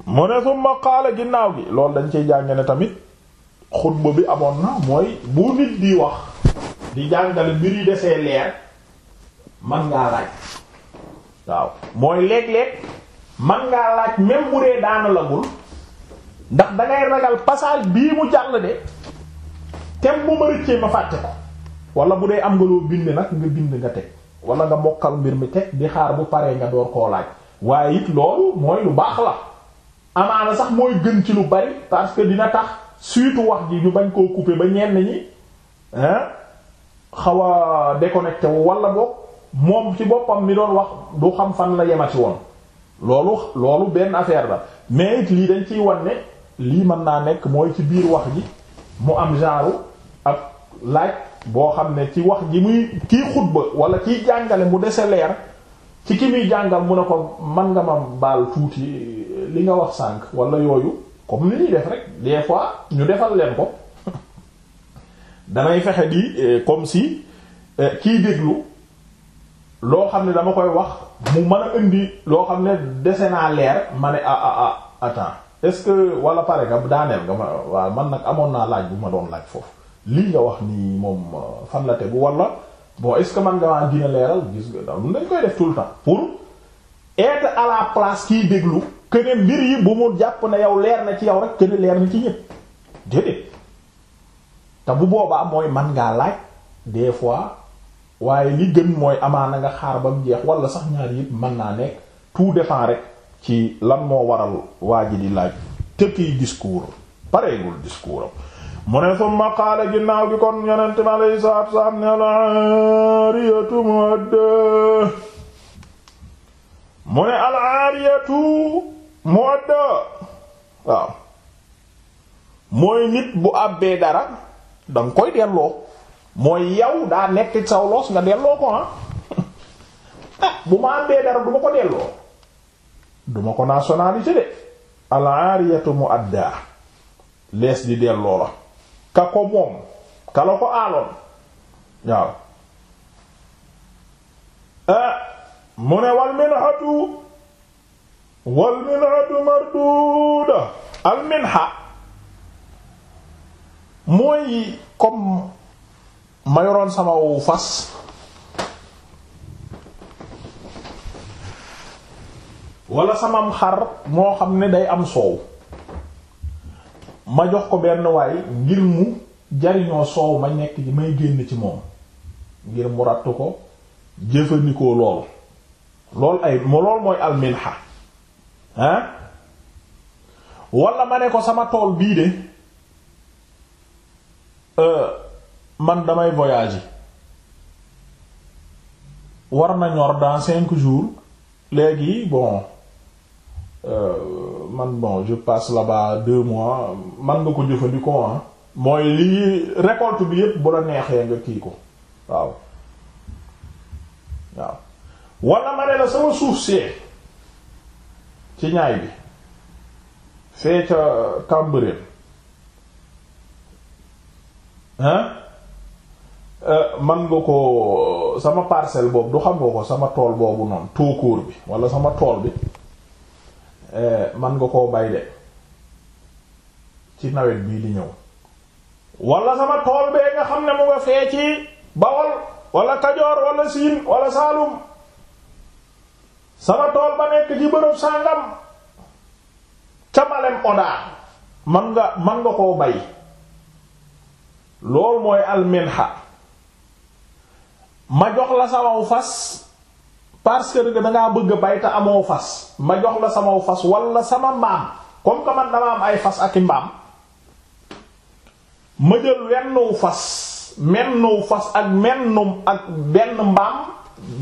mu ne summa qaala ginnaaw gi loolu dañ ciy jàng ne tamit xutba bi amoon na mooy bu nit di wax di jàngale mbir yi desee leer man ngaa laaj waaw mooy léeg-léeg man ngaa laaj même bu dee daana lagul ndax dangay ragal passage bii mu jàll de tem mu ma rëccee ma fàtte ko wala bu dee am nga loo bind nag nga bind nga teg wala nga mokkal mbir mi teg di xaar bu paree nga door koo laaj waaye it loolu mooy lu baax la amaana sax mooy gën ci lu bari parce que dina tax surtout wax ji ñu bañ koo couper ba ñenn ñi hein xaw a déconnecté wu wala boog moom ci boppam mi doon wax du xam fan la yemati woon loolu loolu benn affaire ba mais it lii dañ ciy wan lii mën naa nekk mooy ci biir wax ji mu am genre ak laaj boo xam ne ci wax ji muy kii xutba wala kiy jàngale mu dese leer ci ki muy jàngal mu ne ko man nga ma baal tuuti eh, li nga wax sànk wala yooyu comme ni ñuy def rek des fois ñu defal leen ko [laughs] damay fexe di eh, comme si eh, kiy déglu loo xam ne dama koy wax mu mën a indi loo xam ne dese naa leer ma ne ah ah ah attends est-ce wala pare nga daaneel nga ma waaw man nag amoon naa laaj bu ma doon laaj foofu lii nga wax nii moom euh, fan la tegu wala bon est-ce man nga maa gën a leeral gis nga daal dañ koy def tout temps pour être à la place kiy déglu que ne yi bu mu jàpp na yow leer na ci yow rek que leer na ci ñépp déedéet te bu boobaa mooy man ngaa laaj des fois. waaye li gën mooy amaana nga xaar ba mu jeex wala sax ñaar yëpp mën naa nekk tout dépend rek ci lan moo waral waa ji di laaj tëkkiy discours pareegul discours am mu ne summa qaala ginnaaw gi ne al mu ne waaw mooy nit bu àbbee dara danga koy delloo mooy yow daa nekk saw nga delloo ko ah. ah bu ma àndee dara du ko delloo du ma ko nationalité de al ariyatu muadda lees di delloo la ka ko moom ka la ko aaloon waaw ah, mu ne wal minhatu wal minhatu marduda al minha mooy comme ma yoroon sama wu fas wala samam xar moo xam ne day am soow ma jox ko benn waay ngir mu jariñoo soow ma nekk ji may génn ci moom ngir mu ratt ko jëfandikoo lool lool ay lool mooy alminha ah wala ma ne ko sama tool bii de euh man damay voyage war na ñor dans cinq jours léegi bon euh, man bon je passe là-bas deux mois man nga ko jëfandikoo ah mooy lii récolte bi yëpp bu la neexee nga kii ko waaw waaw wala ma ne la sama suuf see ci ñaay bi fee ca Cambérène hein Euh, man nga koo euh, sama parcelle boobu du xam nga ko sama tool boobu noonu tuukóor bi wala sama tool bi euh, man nga koo bay de ci nawet bii di ñëw wala sama tool bee nga xam ne mu nga fee ci Bawol walla Kajoor wala Siin wala Saalum sama tool ba nekk ci bërëb sàngam ca Malem Oda man nga man nga koo bay loolu mooy alminha ma jox la samaw fas parce que da dangaa bëgg a bay amoo fas ma jox la samaw fas walla sama mbaam comme que man dama am ay fas ak mbaam ma jël wennu fas mennu fas ak mennum ak benn mbaam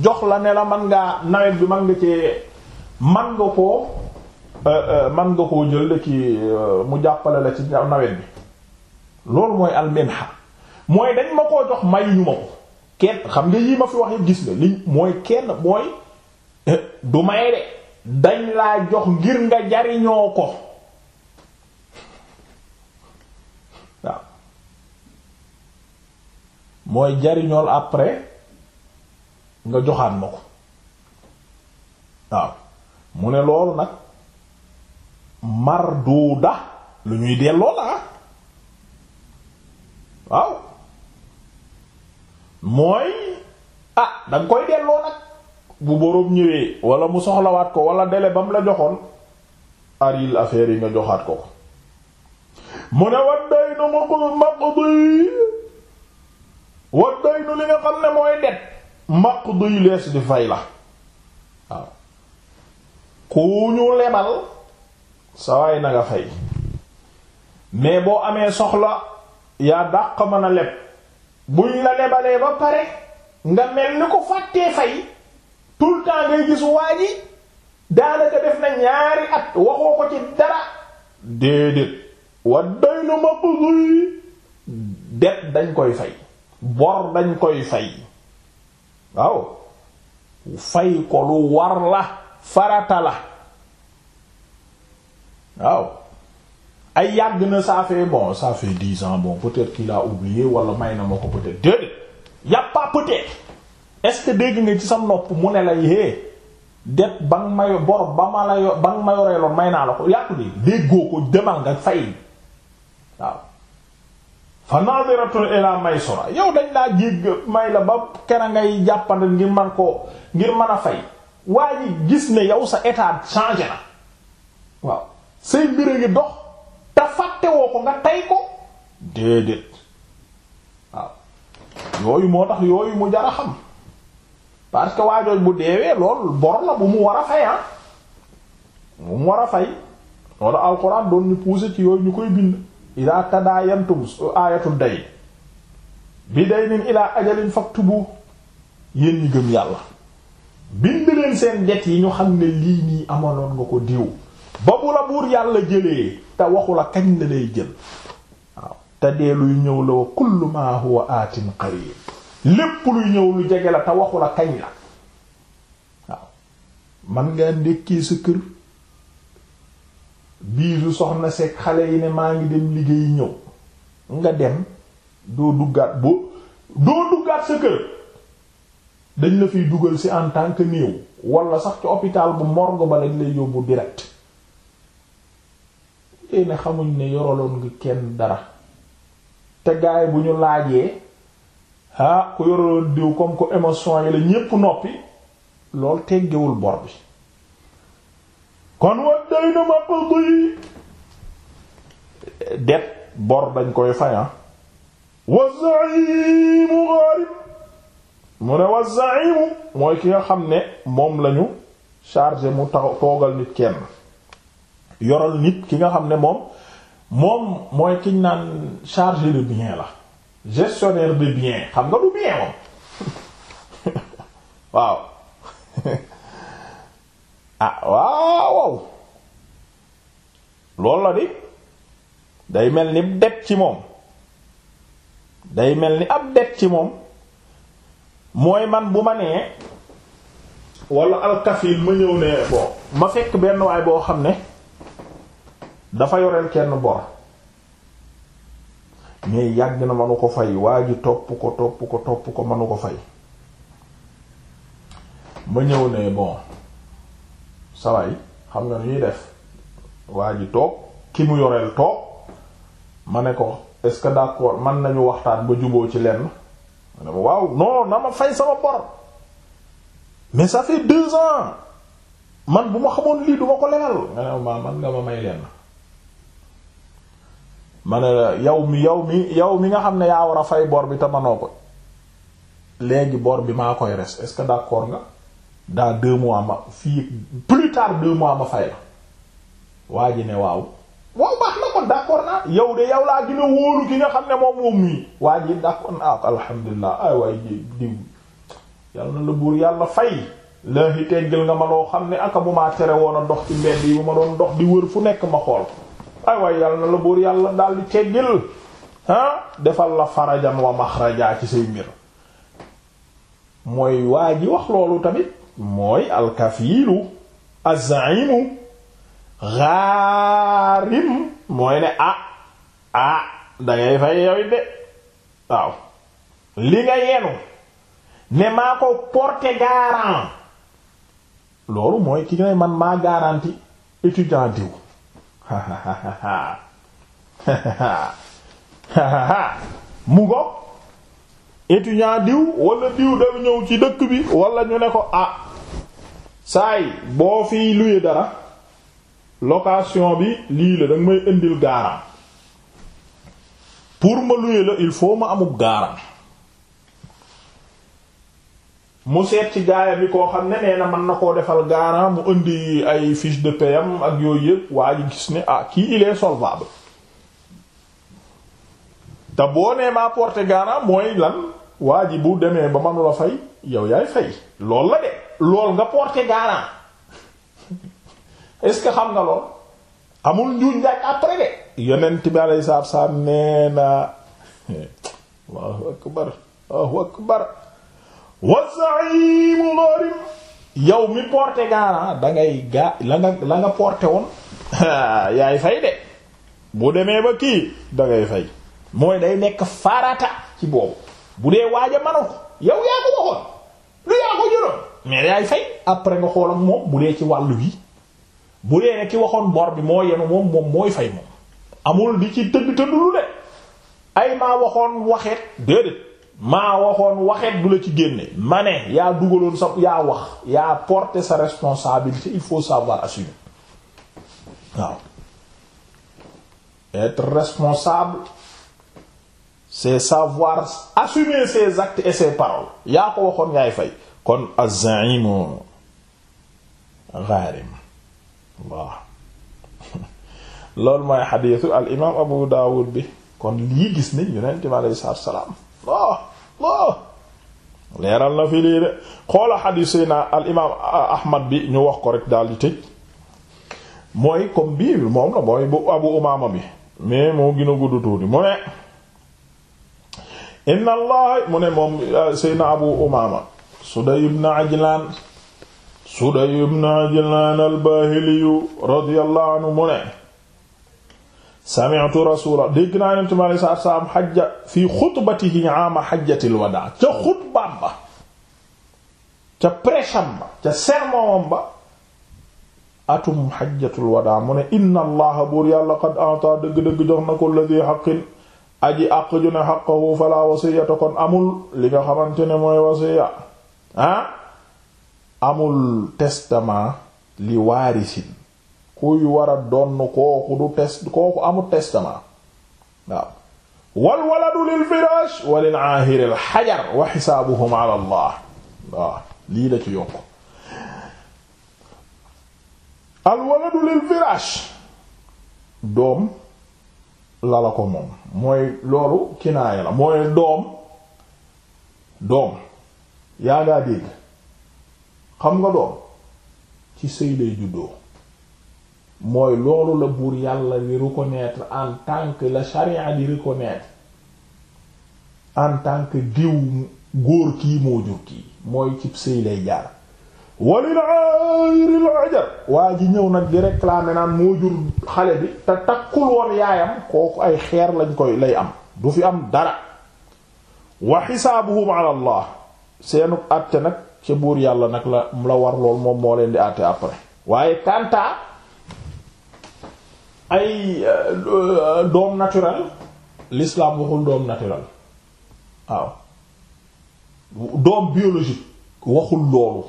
jox la ne la man ngaa nawet bi man nga cee man nga koo euh, euh, man nga koo jël ki euh, mu jàppale la ci nawet bi loolu mooy alminha mooy dañ ma koo jox mayuñu ma ko kenn xam nga yii ma fi wax gis nga li mooy kenn mooy eh, du may dañ laa jox ngir nga jariñoo ko [laughs] waaw mooy jariñool après nga joxaat ma ko waaw mu ne loolu nag marduuda lu ñuy delloo la waaw mooy ah danga koy delloo nag bu boroom ñëwee wala mu soxlawaat ko wala délai ba mu la joxoon aril affaire yi nga joxaat ko ko mu ne wat day nu maqu maqdi wat day nu li nga xam ne mooy det maqdi lees di fay la waaw ku ñu lebal sa waay na nga fay mais boo amee soxla yaa dàq mën a leb buñ la nebalee ba pare nga mel ni ko fàttee fay tout le gis waa ji daanaka def na ñaari at waxoo ko ci dara déedéet wa doy nu ma bëgg det dañ koy fay bor dañ koy fay waaw fay ko lu war la farata la waaw ay yàgg na ça fait bon ça fait dix bon peut-être qu'il a oublié wala may na ma ko peut-être déedéet y a pas peut ce que dégg nga ci sa nopp mu ne la yee det ba nga may bor ba ma la yo ba nga ma yoreeloon may naa la ko yàqu de déggoo ko demal nga fay waaw fa nadiratun ila maysura yow dañ laa jégg may la ba kera ngay jàppandal ngir man ko ngir mën a fay waa gis ne yow sa état changé na waaw say mbir a ngi dox te fàttewoo ko nga tey ko déedéet waaw yooyu moo tax yooyu mu jar parce que waajooj bu deewee lool bor la bu mu war a fay ah bu mu war a fay loolu alxuraan doon ñu pousser ci yooyu ñu koy bind ila tadaayantum aayatu day bi day nin ilaa ajalin faktubu yéen ñi gëm yàlla bind leen seen det yi ñu xam ne lii nii amaloon nga ko diw ba bu la buur yàlla jëlee te waxula kañ la lay jël waaw te dee luy ñëw la wa kullu ma atin qarib lépp luy ñëw lu jege la te waxula kañ la waaw man ngaa ndékkee sa kër biisu soxna seeg xale yi ne maa ngi dem liggéey ñëw nga dem doo duggaat boo doo duggaat sa kër dañ la fiy dugal ci en tant que néew wala sax ci hôpital bu morgue ba lañ lay yóbbu direct dee ne xamuñ ne yoraloon nga kenn dara te gaay bu ñu laajee ah ku yoraloon diw comme ko émotion yi la ñépp noppi lool teggewul bor bi kon wat na ma ëpp yi det bor dañ koy fayan ah. wa za'imu gharib mu ne wa za'imu mooy ki nga xam ne moom lañu chargé mu tax toogal nit kenn yoral nit ki nga xam ne moom moom mooy kiñ naan chargé de bien la gestionnaire bi bien xam nga du bien [laughs] waaw [laughs] ah waaw waaw loolu la di day mel ni det ci moom day mel ni ab det ci moom mooy man bu ma nee wala alkafil ma ñëw ne bon ma fekk benn waay boo xam ne dafa yoreel kenn bor mais yàgg na mënu ko fay waa ji topp ko topp ko topp ko mënu ko fay ma ñëw ne bon saway xam nga nu ñuy def waa ji toog ki mu yoreel toog ma ne ko est-ce que d'accord man nañu waxtaan ba juboo ci lenn ma waaw non na ma fay sama bor mais ça fait deux ans man bu ma xamoon lii du ko legal nga ne ma man nga ma may lenn ma ne yow mi yow mi yow mi nga xam ne yaa war a fay boor bi te ko léegi bor bi maa koy res est-ce que d'accord nga daa deux mois ma fii plus tard deux mois ma fay la waa ji ne waaw waaw baax na kon d'accord naa yow de yow laa gën a wóolu ki nga xam ne moom moom mii waa ji d'accord naa ko alhamdulilah ay waay diw yàlla la buur yàlla fay laahi teggal nga ma loo xam ne aka bu maa tere woon a dox ci mbedd yi bu ma doon dox di wër fu nekk ma xool ay waay yàlla na la buur yàlla daal di teggil ah defal la farajan wa maxrajaa ci say mbir mooy waa wax loolu tamit mooy alkafiilu azaimu xaarim mooy ne ah ah dangay fay yow de waaw li nga yenu ne maa ko porté loolu mooy ki ngay man maa garanti étudiant diw [laughs] mu ngo étudiant diw wala diw dafa ñëw ci dëkk bi wala ñu ne ko ah saay boo fiy luye dara location bi lii la danga may indil garant pour ma luye la il faut ma amub garant mu seet ci gaaya bi koo xam ne nee na mën na koo defal gaara mu indi ay fiche de paie am ak yooyu yëpp waa gis ne ah kii il est solvable te boo nee maa porté gaara mooy lan waa ji bu demee ba manula fay yow yaay fay lool la de lool nga porté gaara [laughs] est-ce que xam nga lool amul njuuñ njaaj après de yonent bi alayhi salaatu salaam nee na [laughs] allahu akbar allahu akbar wa za'imu gharim mi porte gaana da ngay gaa la nga la nga porté woon [laughs] yaay fay de bu demee ba kii da fay mooy day nekk farata ci boobu bu dee waaja manu ko yaa ko waxoon lu yaa ko jëloon mais yaay fay après nga xool ak moom bu dee ci wàllu bi bu dee ne ki waxoon bor bi moo yenu moom moom mooy fay moom amul di ci tëdd tëdd lu de ay maa waxoon waxeet déedéet maa waxoon waxeet du la ci génne ma ne yaa dugaloon sa yaa wax yaa porter sa responsabilité il faut savoir assumer waaw être responsable c'est savoir assumer ses actes et ses paroles yaa ko waxoon yaay fay kon az-za'imu gharim waaw [laughs] loolu mooy xadiisu al imaam Abu Dawud bi kon lii gis nañ yonent bi alayhi salaam waaw Allah leeral na fi de xoola xadiis naa al imaam ah, Ahmad bi ñu wax ko rek daal di tëj mooy comme bii moom la mooy bu Abu Umaama bi mais moo gën a gudd tuuti mu ne inna allah mu ne moom ah, Seydina Abu Umaama Suday ibn Ajlaan Suday ibn Ajlaan al-Baahili radiyallahu anhu mu ne sami'tu rasuula dégg naa yonent mi alayhi salaatu salaam xajja fii xutbatihi aama xajjatil wadaa ca xutbaam ba ca prêche am ba ca sermon ba atum xajjatul wadaa mu ne inna allaha buur yàlla qad a'taa dëgg-dëgg jox na ko ladhi haqqin aji àq ju ne haqqahu falaa wasiyata kon amul li nga xamante ne mooy wasiya ah amul testament li waarisin kuy war a donn kooku du test kooku amul testament waaw wal waladu lil firaash walil aahiri al xajar wa xisaabuhum ala waaw lii la ci yokk al waladu lil firaash doom la la ko moom mooy loolu kinaaya la mooy doom doom yaa ngaa dégg xam nga doom ci sëy lay juddoo mooy loolu la buur yàlla di reconnaître en tant que la charia di reconnaître en tant que diw góor kii moo jur kii mooy cib sëy lay jaar walil ayril ajar waa ji ñëw nag di réclamer naan moo jur xale bi te takkul woon yaayam kooku ay xeer lañ koy lay am du fi am dara wa xisaabuhum ala seenu àtte nag ca buur yàlla nag la la war lool moom moo leen di àtte après waaye kanta ay euh, doom naturel l'islam waxul doom naturel waaw doom biologique waxul loolu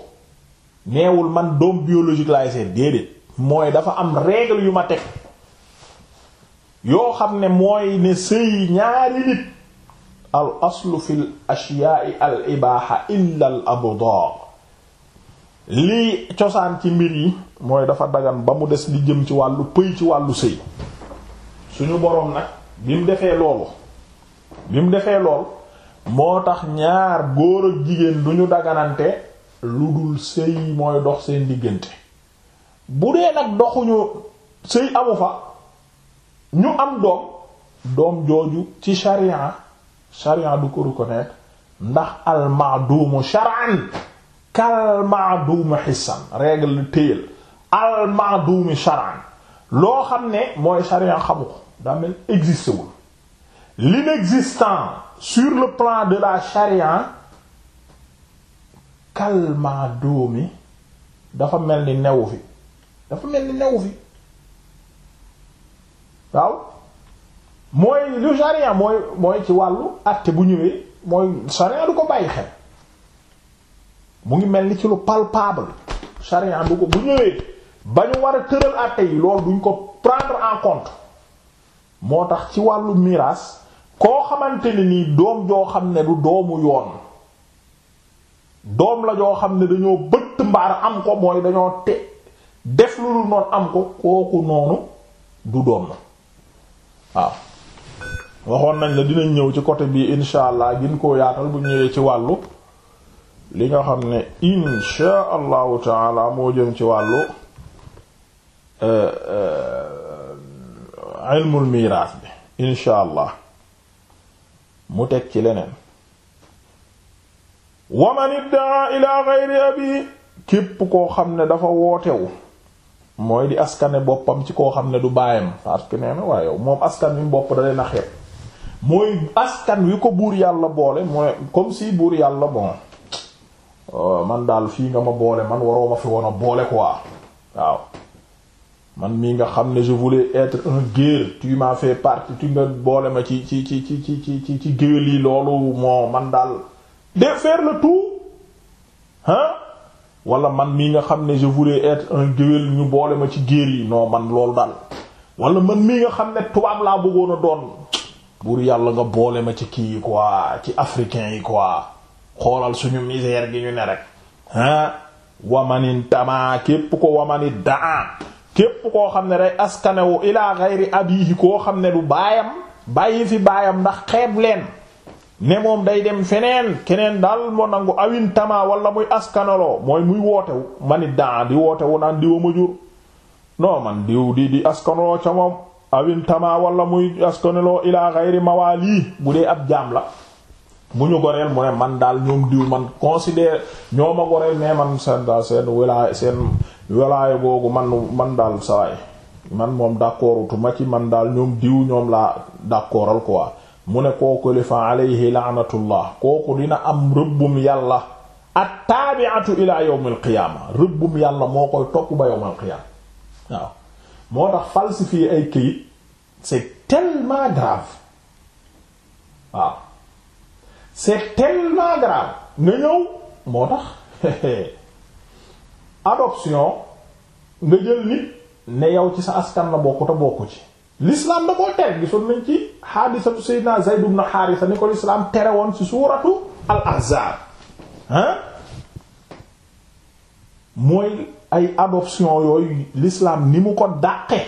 neewul man doom biologique laay seen déedéet mooy dafa am règle yu ma teg yoo xam ne mooy ne sëy ñaari nit al aslu fil ashyaa'i al ibaaha illa al abdar lii cosaan ci mbir yi mooy dafa dagan ba mu des li jëm ci wàllu pëy ci wàllu sëy suñu boroom nag bi mu defee loolu bi mu defee lool moo tax ñaar góor ak jigéen ñu daganante lu dul sëy mooy dox seen diggante bu dee nag doxuñu sëy amu fa ñu am doom doom jooju ci sharia sharia du ko reconnaître ndax al ma'dumu shar'an kal maaduumi xissan règle téyal al maaduumi sharan loo xam ne mooy sharia xamu ko daa mel existe wul l'inexistant sur le plan de la charia kal maaduumi dafa mel ni newu fi dafa mel ni newu fi waaw mooy lu sharia mooy mooy ci wàllu acte bu ñëwee mooy sharia du ko bàyyi xel mu ngi mel ni ci lu palpable charia du ko bu ñëwee ba ñu war a tëral àtte yi loolu duñ ko prendre en compte moo tax ci wàllu miraas koo xamante ni nii doom joo xam ne du doomu yoon doom la joo xam ne dañoo bëtt mbaar am ko mooy dañoo te def lu dul noonu am ko kooku noonu du doom na waaw waxoon nañ la dinañ ñëw ci côté bii insha allah gin koo yaatal bu ñëwee ci wàllu li nga xam ne insha allahu taala moo jëm ci wàllu euh, euh, ilmul miraas bi insha allah mu teg ci leneen wa man iddaa ila abi képp koo xam ne dafa wootewu mooy di askane boppam ci koo xam ne du baayam parce que nee waaye yow moom askan wi bopp da leen a xeeb mooy askan wi ko buur yàlla boole mooy comme si buur yàlla bon Euh, man daal fii nga ma boole man waroo ma fi woon a boole quoi waaw man mii nga xam ne je voulais être un guerrier tu m'as fait partie tu nga boole ma ci ci ci ci ci ci ci ci géwél yi loolu moo man daal de faire le tout hein wala man mii nga xam ne je voulais être un géwél ñu boole ma ci guerrier yi noo man loolu daal wala man mii nga xam ne tubaab laa bëggoon a doon buur yàlla nga boole ma ci kii yi quoi ci africain yi quoi xoolal suñu misère gi ñu ne rek ah wamanin tamaa képp ko wamani daa képp koo xam ne day askanewu ilaa gayri abihi koo xam ne du baayam bàyyi fi baayam ndax xeeb leen ne moom day dem feneen keneen daal moo nangu awin tama wala muy askanaloo mooy muy wootewu mani daa di wootewu naan diwa ma jur non man diw di di askanaloo ca moom awin tama wala muy askanaloo ilaa gayri mawali bu dee ab jaam la mu ñu goreel mu ne man daal ñoom diw man considère ñoo ma goreel mais man seen daal seen wilaay seen boobu man man daal sawaay man moom d'accordutuma ci man daal ñoom diw ñoom laa d'accordal quoi mu ne kooku li fa alayhi laanatullah kooku dina am rëbbum yàlla at taabiatu ila yawmil qiyaama rëbbum yàlla moo koy topp ba yawmil qiyaama waaw moo tax falsifier ay këyit c'est tellement grave waaw c'est tellement grave nga ñëw moo tax [laughs] adoption nga jël nit ne yow ci sa askan la bokku te bokku ci l'islam da koo tere gisoon nañ ci xaadisatu sayyidina Zayd ibn Haarisa ni ko l'islam tere woon ci suuratu al-Ahzab hein mooy ay adoption yooyu lislaam ni mu ko dàqe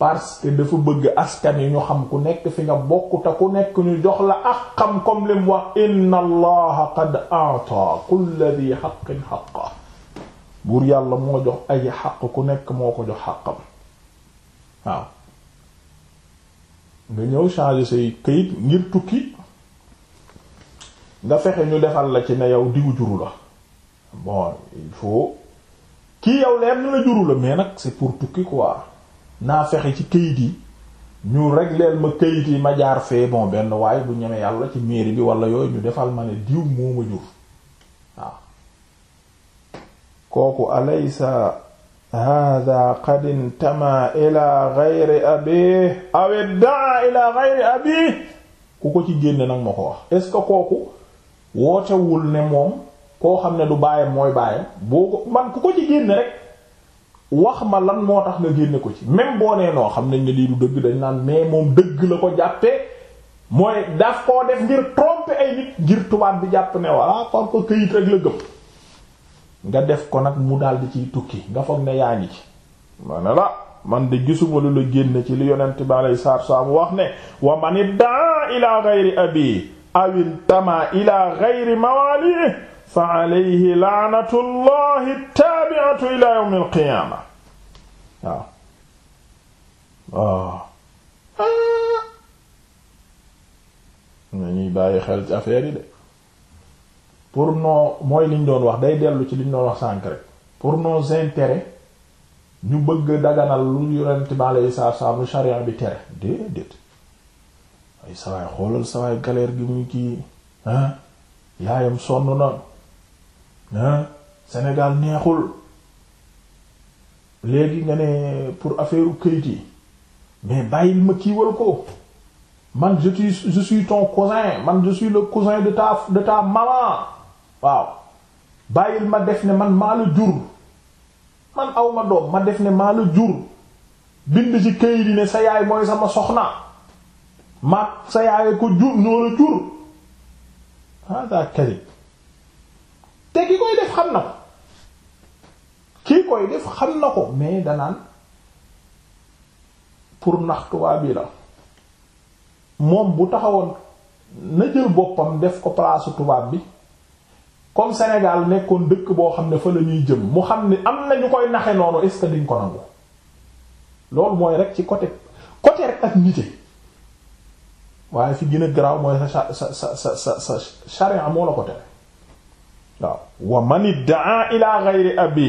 parce que dafa bëgg askan yi ñu xam ku nekk fi nga bokk te ku nekk ñu jox la ak xam comme lim wax inna allaha qad a'ta kulli dhi haqqin haqqa buur yàlla moo jox ay xaq ku nekk moo ko jox xaqam waaw nga ñëw changer say këyit ngir tukki nga fexe ñu defal la ci ne yow diwu juru la bon il faut kii yow leer na la juru la mais nag c'est pour tukki quoi naa fexe ci kayit yi ñu regleel ma kayit yi ma jaar fee bon benn waaye bu ñeme yàlla ci mairie bi wala yooyu ñu defal ma ne diw moo ma jur waaw kooku alaysa hada qad intama ila ghayri abi aw iddaa ila ghayri abi ku ko ci génne nag ma ko wax est ce que kooku wootewul ne moom koo xam ne du baayam mooy baayam boo ko man ku ko ci génne rek wax ma lan moo tax nga génne ko ci même boo nee noo xam nañ ne lii du dëgg dañ naan mais moom dëgg la ko jàppee mooy daf koo def ngir tromper ay nit ngir tubaab bi jàpp ne walla kon ko këyit rek la gëm nga def ko nag mu dal di ciy tukki nga foog ne yaa ngi ci ma la man de gisuma lu la génne ci li yonent bi alei saatu salaam wax ne wa man iddaa ila ghayri abi awin tama ila ghayri mawali fa alayhi laanatullahi taabi'atu ila yawm al-qiyaama waaw waaw ah. nañuy bàyyi xel ci affaire yi de pour nos mooy liñ doon wax day dellu ci liñ doon wax sànk rek pour nos intérêts ñu bëgg daganal lu yonent bi alayhi salaatu salaam lu sharia bi tere déedéet ay sawaay xoolal sawaay galère gi muy kii ah. yaayam sonn na ah Sénégal neexul léegi nga ne pour affaire këyit yi mais bàyyil ma kiiwal ko man je suis ton cousin man je suis le cousin de ta de ta maman waaw bàyyil ma def ne man maa la jur man awma ma doom ma def ne maa la jur bind ci këyit yi ne sa yaay mooy sama soxna ma sa yaay ko jur ñoo jur ah daa kadib te ki koy def xam na ko kii koy def xam na ko mais danaan pour nax naxtuwaa bii la moom bu taxawoon na jël boppam def ko palaasu tubaab bi comme Sénégal nekkoon dëkk boo xam ne fa la ñuy jëm mu xam ne am na ñu koy naxe noonu est-ce ko nangu loolu mooy rek ci côté côté rek ak nite waaye fi gën a garaaw mooy sa sa sa sa sa sa charia moo la ko tere waaw wa man iddaa ila ghayri abi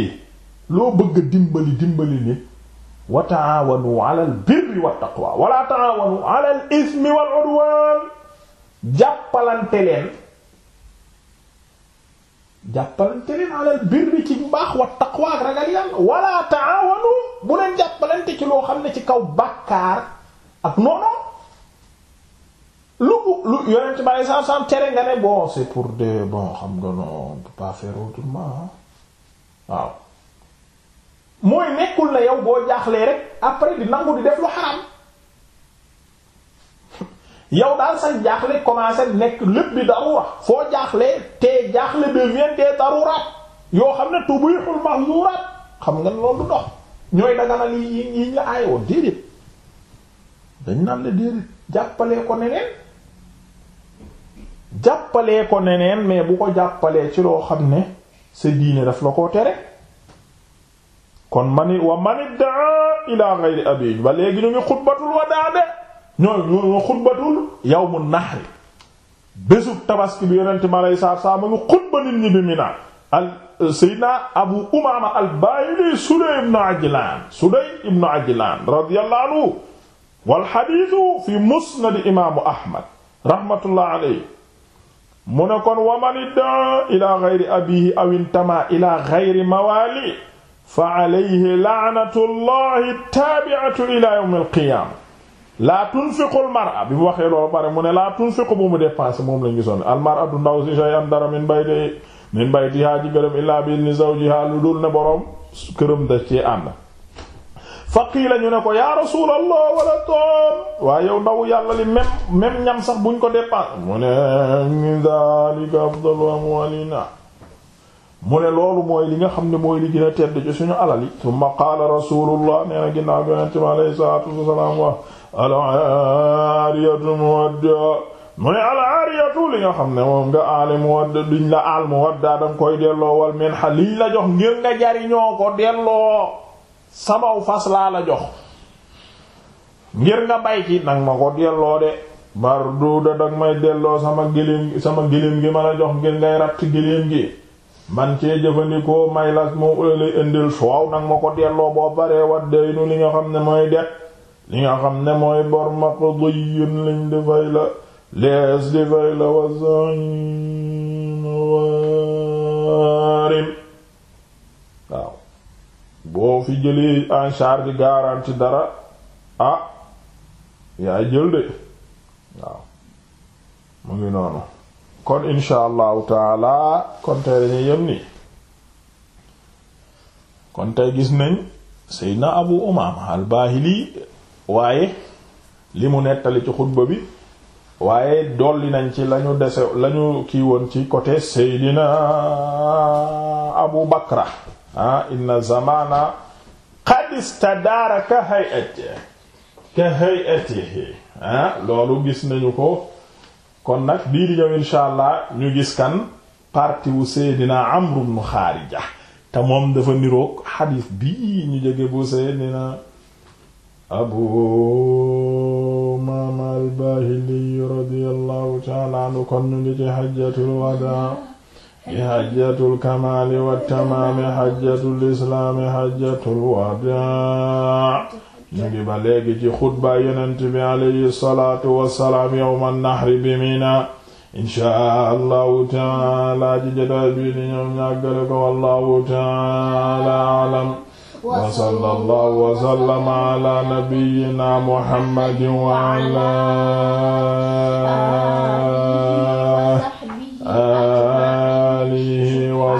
loo bëgg dimbali dimbali nit wa taawanu ala birri wa taqwa wala taawanu ala al ismi wal udwan jàppalante leen jàppalante leen ala birri ci mbaax wa taqwa ak ragal yàlla wala taawanu bu leen jàppalante ci loo xam ne ci kaw bàkkaar ak noonu lu lu yonent bàyyi saam saam tere nga ne bon c'est pour des bon xam nga non on peut pas faire autrement waaw mooy nekkul na yow boo jaaxlee rek après di nangu di def lu xaram [laughs] yow daal sa jaaxle commencé nekk lépp di daru wax foo jaaxlee te jaaxle devient des daruraat yoo xam ne tubihul mahzuraat xam nga loolu dox ñooy daganal yi yi ñu aayoon déedéet dañ naan la déedéet jàppalee ko neneen jàppalee ko neneen mais bu ko ci loo xam ne sa diine tere kon mani wa mani daa ila ghayri abi ba léegi ñu wadaa de ñooy ñoo xutbatul yawmun nahri bésub tabaski bi yonente mi aleyi saatu salaam mu ngi bi Mina al euh, Abu Umaama al-Baahili Sudey ibn Ajlaan Sudey ibn Ajlaan radiyallahu anhu wal hadiisu fi musnad imaamu Ahmad rahmatullah alayhi mu ne kon waman iddaa ila gayri abihi aw intama ila gayri mawali fa alayhi laanatu llahi taabiatu ila yawm alqiyaama laa tunfiqu almara bi mu waxee loolu bare mu ne laa tunfiqu bu mu dépensé moom lañ gisoon almara du ndaw si shay'an dara min bayti min baytihaa ci gërëm illaa bi izni zawjihaa lu dul ne boroom këram da cee ànd faqiila ñu ne ko yaa rasuulallah wala toom waaye yow ndaw yàlla li même même ñam sax buñ ko départ mu ne min daalika afdalu amwaalina mu ne loolu mooy li xam ne mooy li gën a suñu alal yi tumma qaala rasulullah nee na ginnaaw bi yonente bi alayhi salaatu wasalaam wax alaariyatu mu ne alaariyatu xam ne moom nga aale muwadda duñ koy delloo wal min xa liñ ngir nga jariñoo ko delloo samaw fas laa la jox ngir nga bay ci nag ma ko delloo de bar duuda dag may delloo sama gëléem sama gëléem gi ma la jox ngir ngay ratt gëléem gi man cee jëfandikoo may la moo ulale indil soow nag ma ko delloo boo baree wat daynu li nga xam ne mooy det li nga xam ne mooy bor maqdiyun liñ di fay la lees di fay la wasin waarim waaw boo fi jëlee en charge garantie dara ah yaay jël de waaw mu ngi noonu kon insha allahu taala kon tey dañuy yem ni kon gis nañ seydna abu umaama al-baahili waaye li mu nettali ci xutba bi waaye dolli nañ ci lañu dese lañu kii woon ci côté seydina abu bakra ah inna zamana qad istadaara ka hay'ati ka hay'atihi ah loolu gis nañu ko kon nag biir di ñëw insha allah ñu gis kan parti wu seydina amru ibn xaarija te moom dafa niroog xadiis bi ñu jóge bu seydina abu maama al-baahili radiyallahu ta'ala anhu kon ñu ngi ci hajjatul xajjatul kamaali wa tamaami xajjatul islaami xajjatul wadaa ñu ngi ba léegi ci xutbaa yonent bi alayhi salaatu wassalaam yawma nahri bi Mina inshaa allahu taala ci jotaay bi di ñoom ñàggale ko wallahu taala alam wa sallallahu wa sallama ala nabiyyina muhammadin wa ala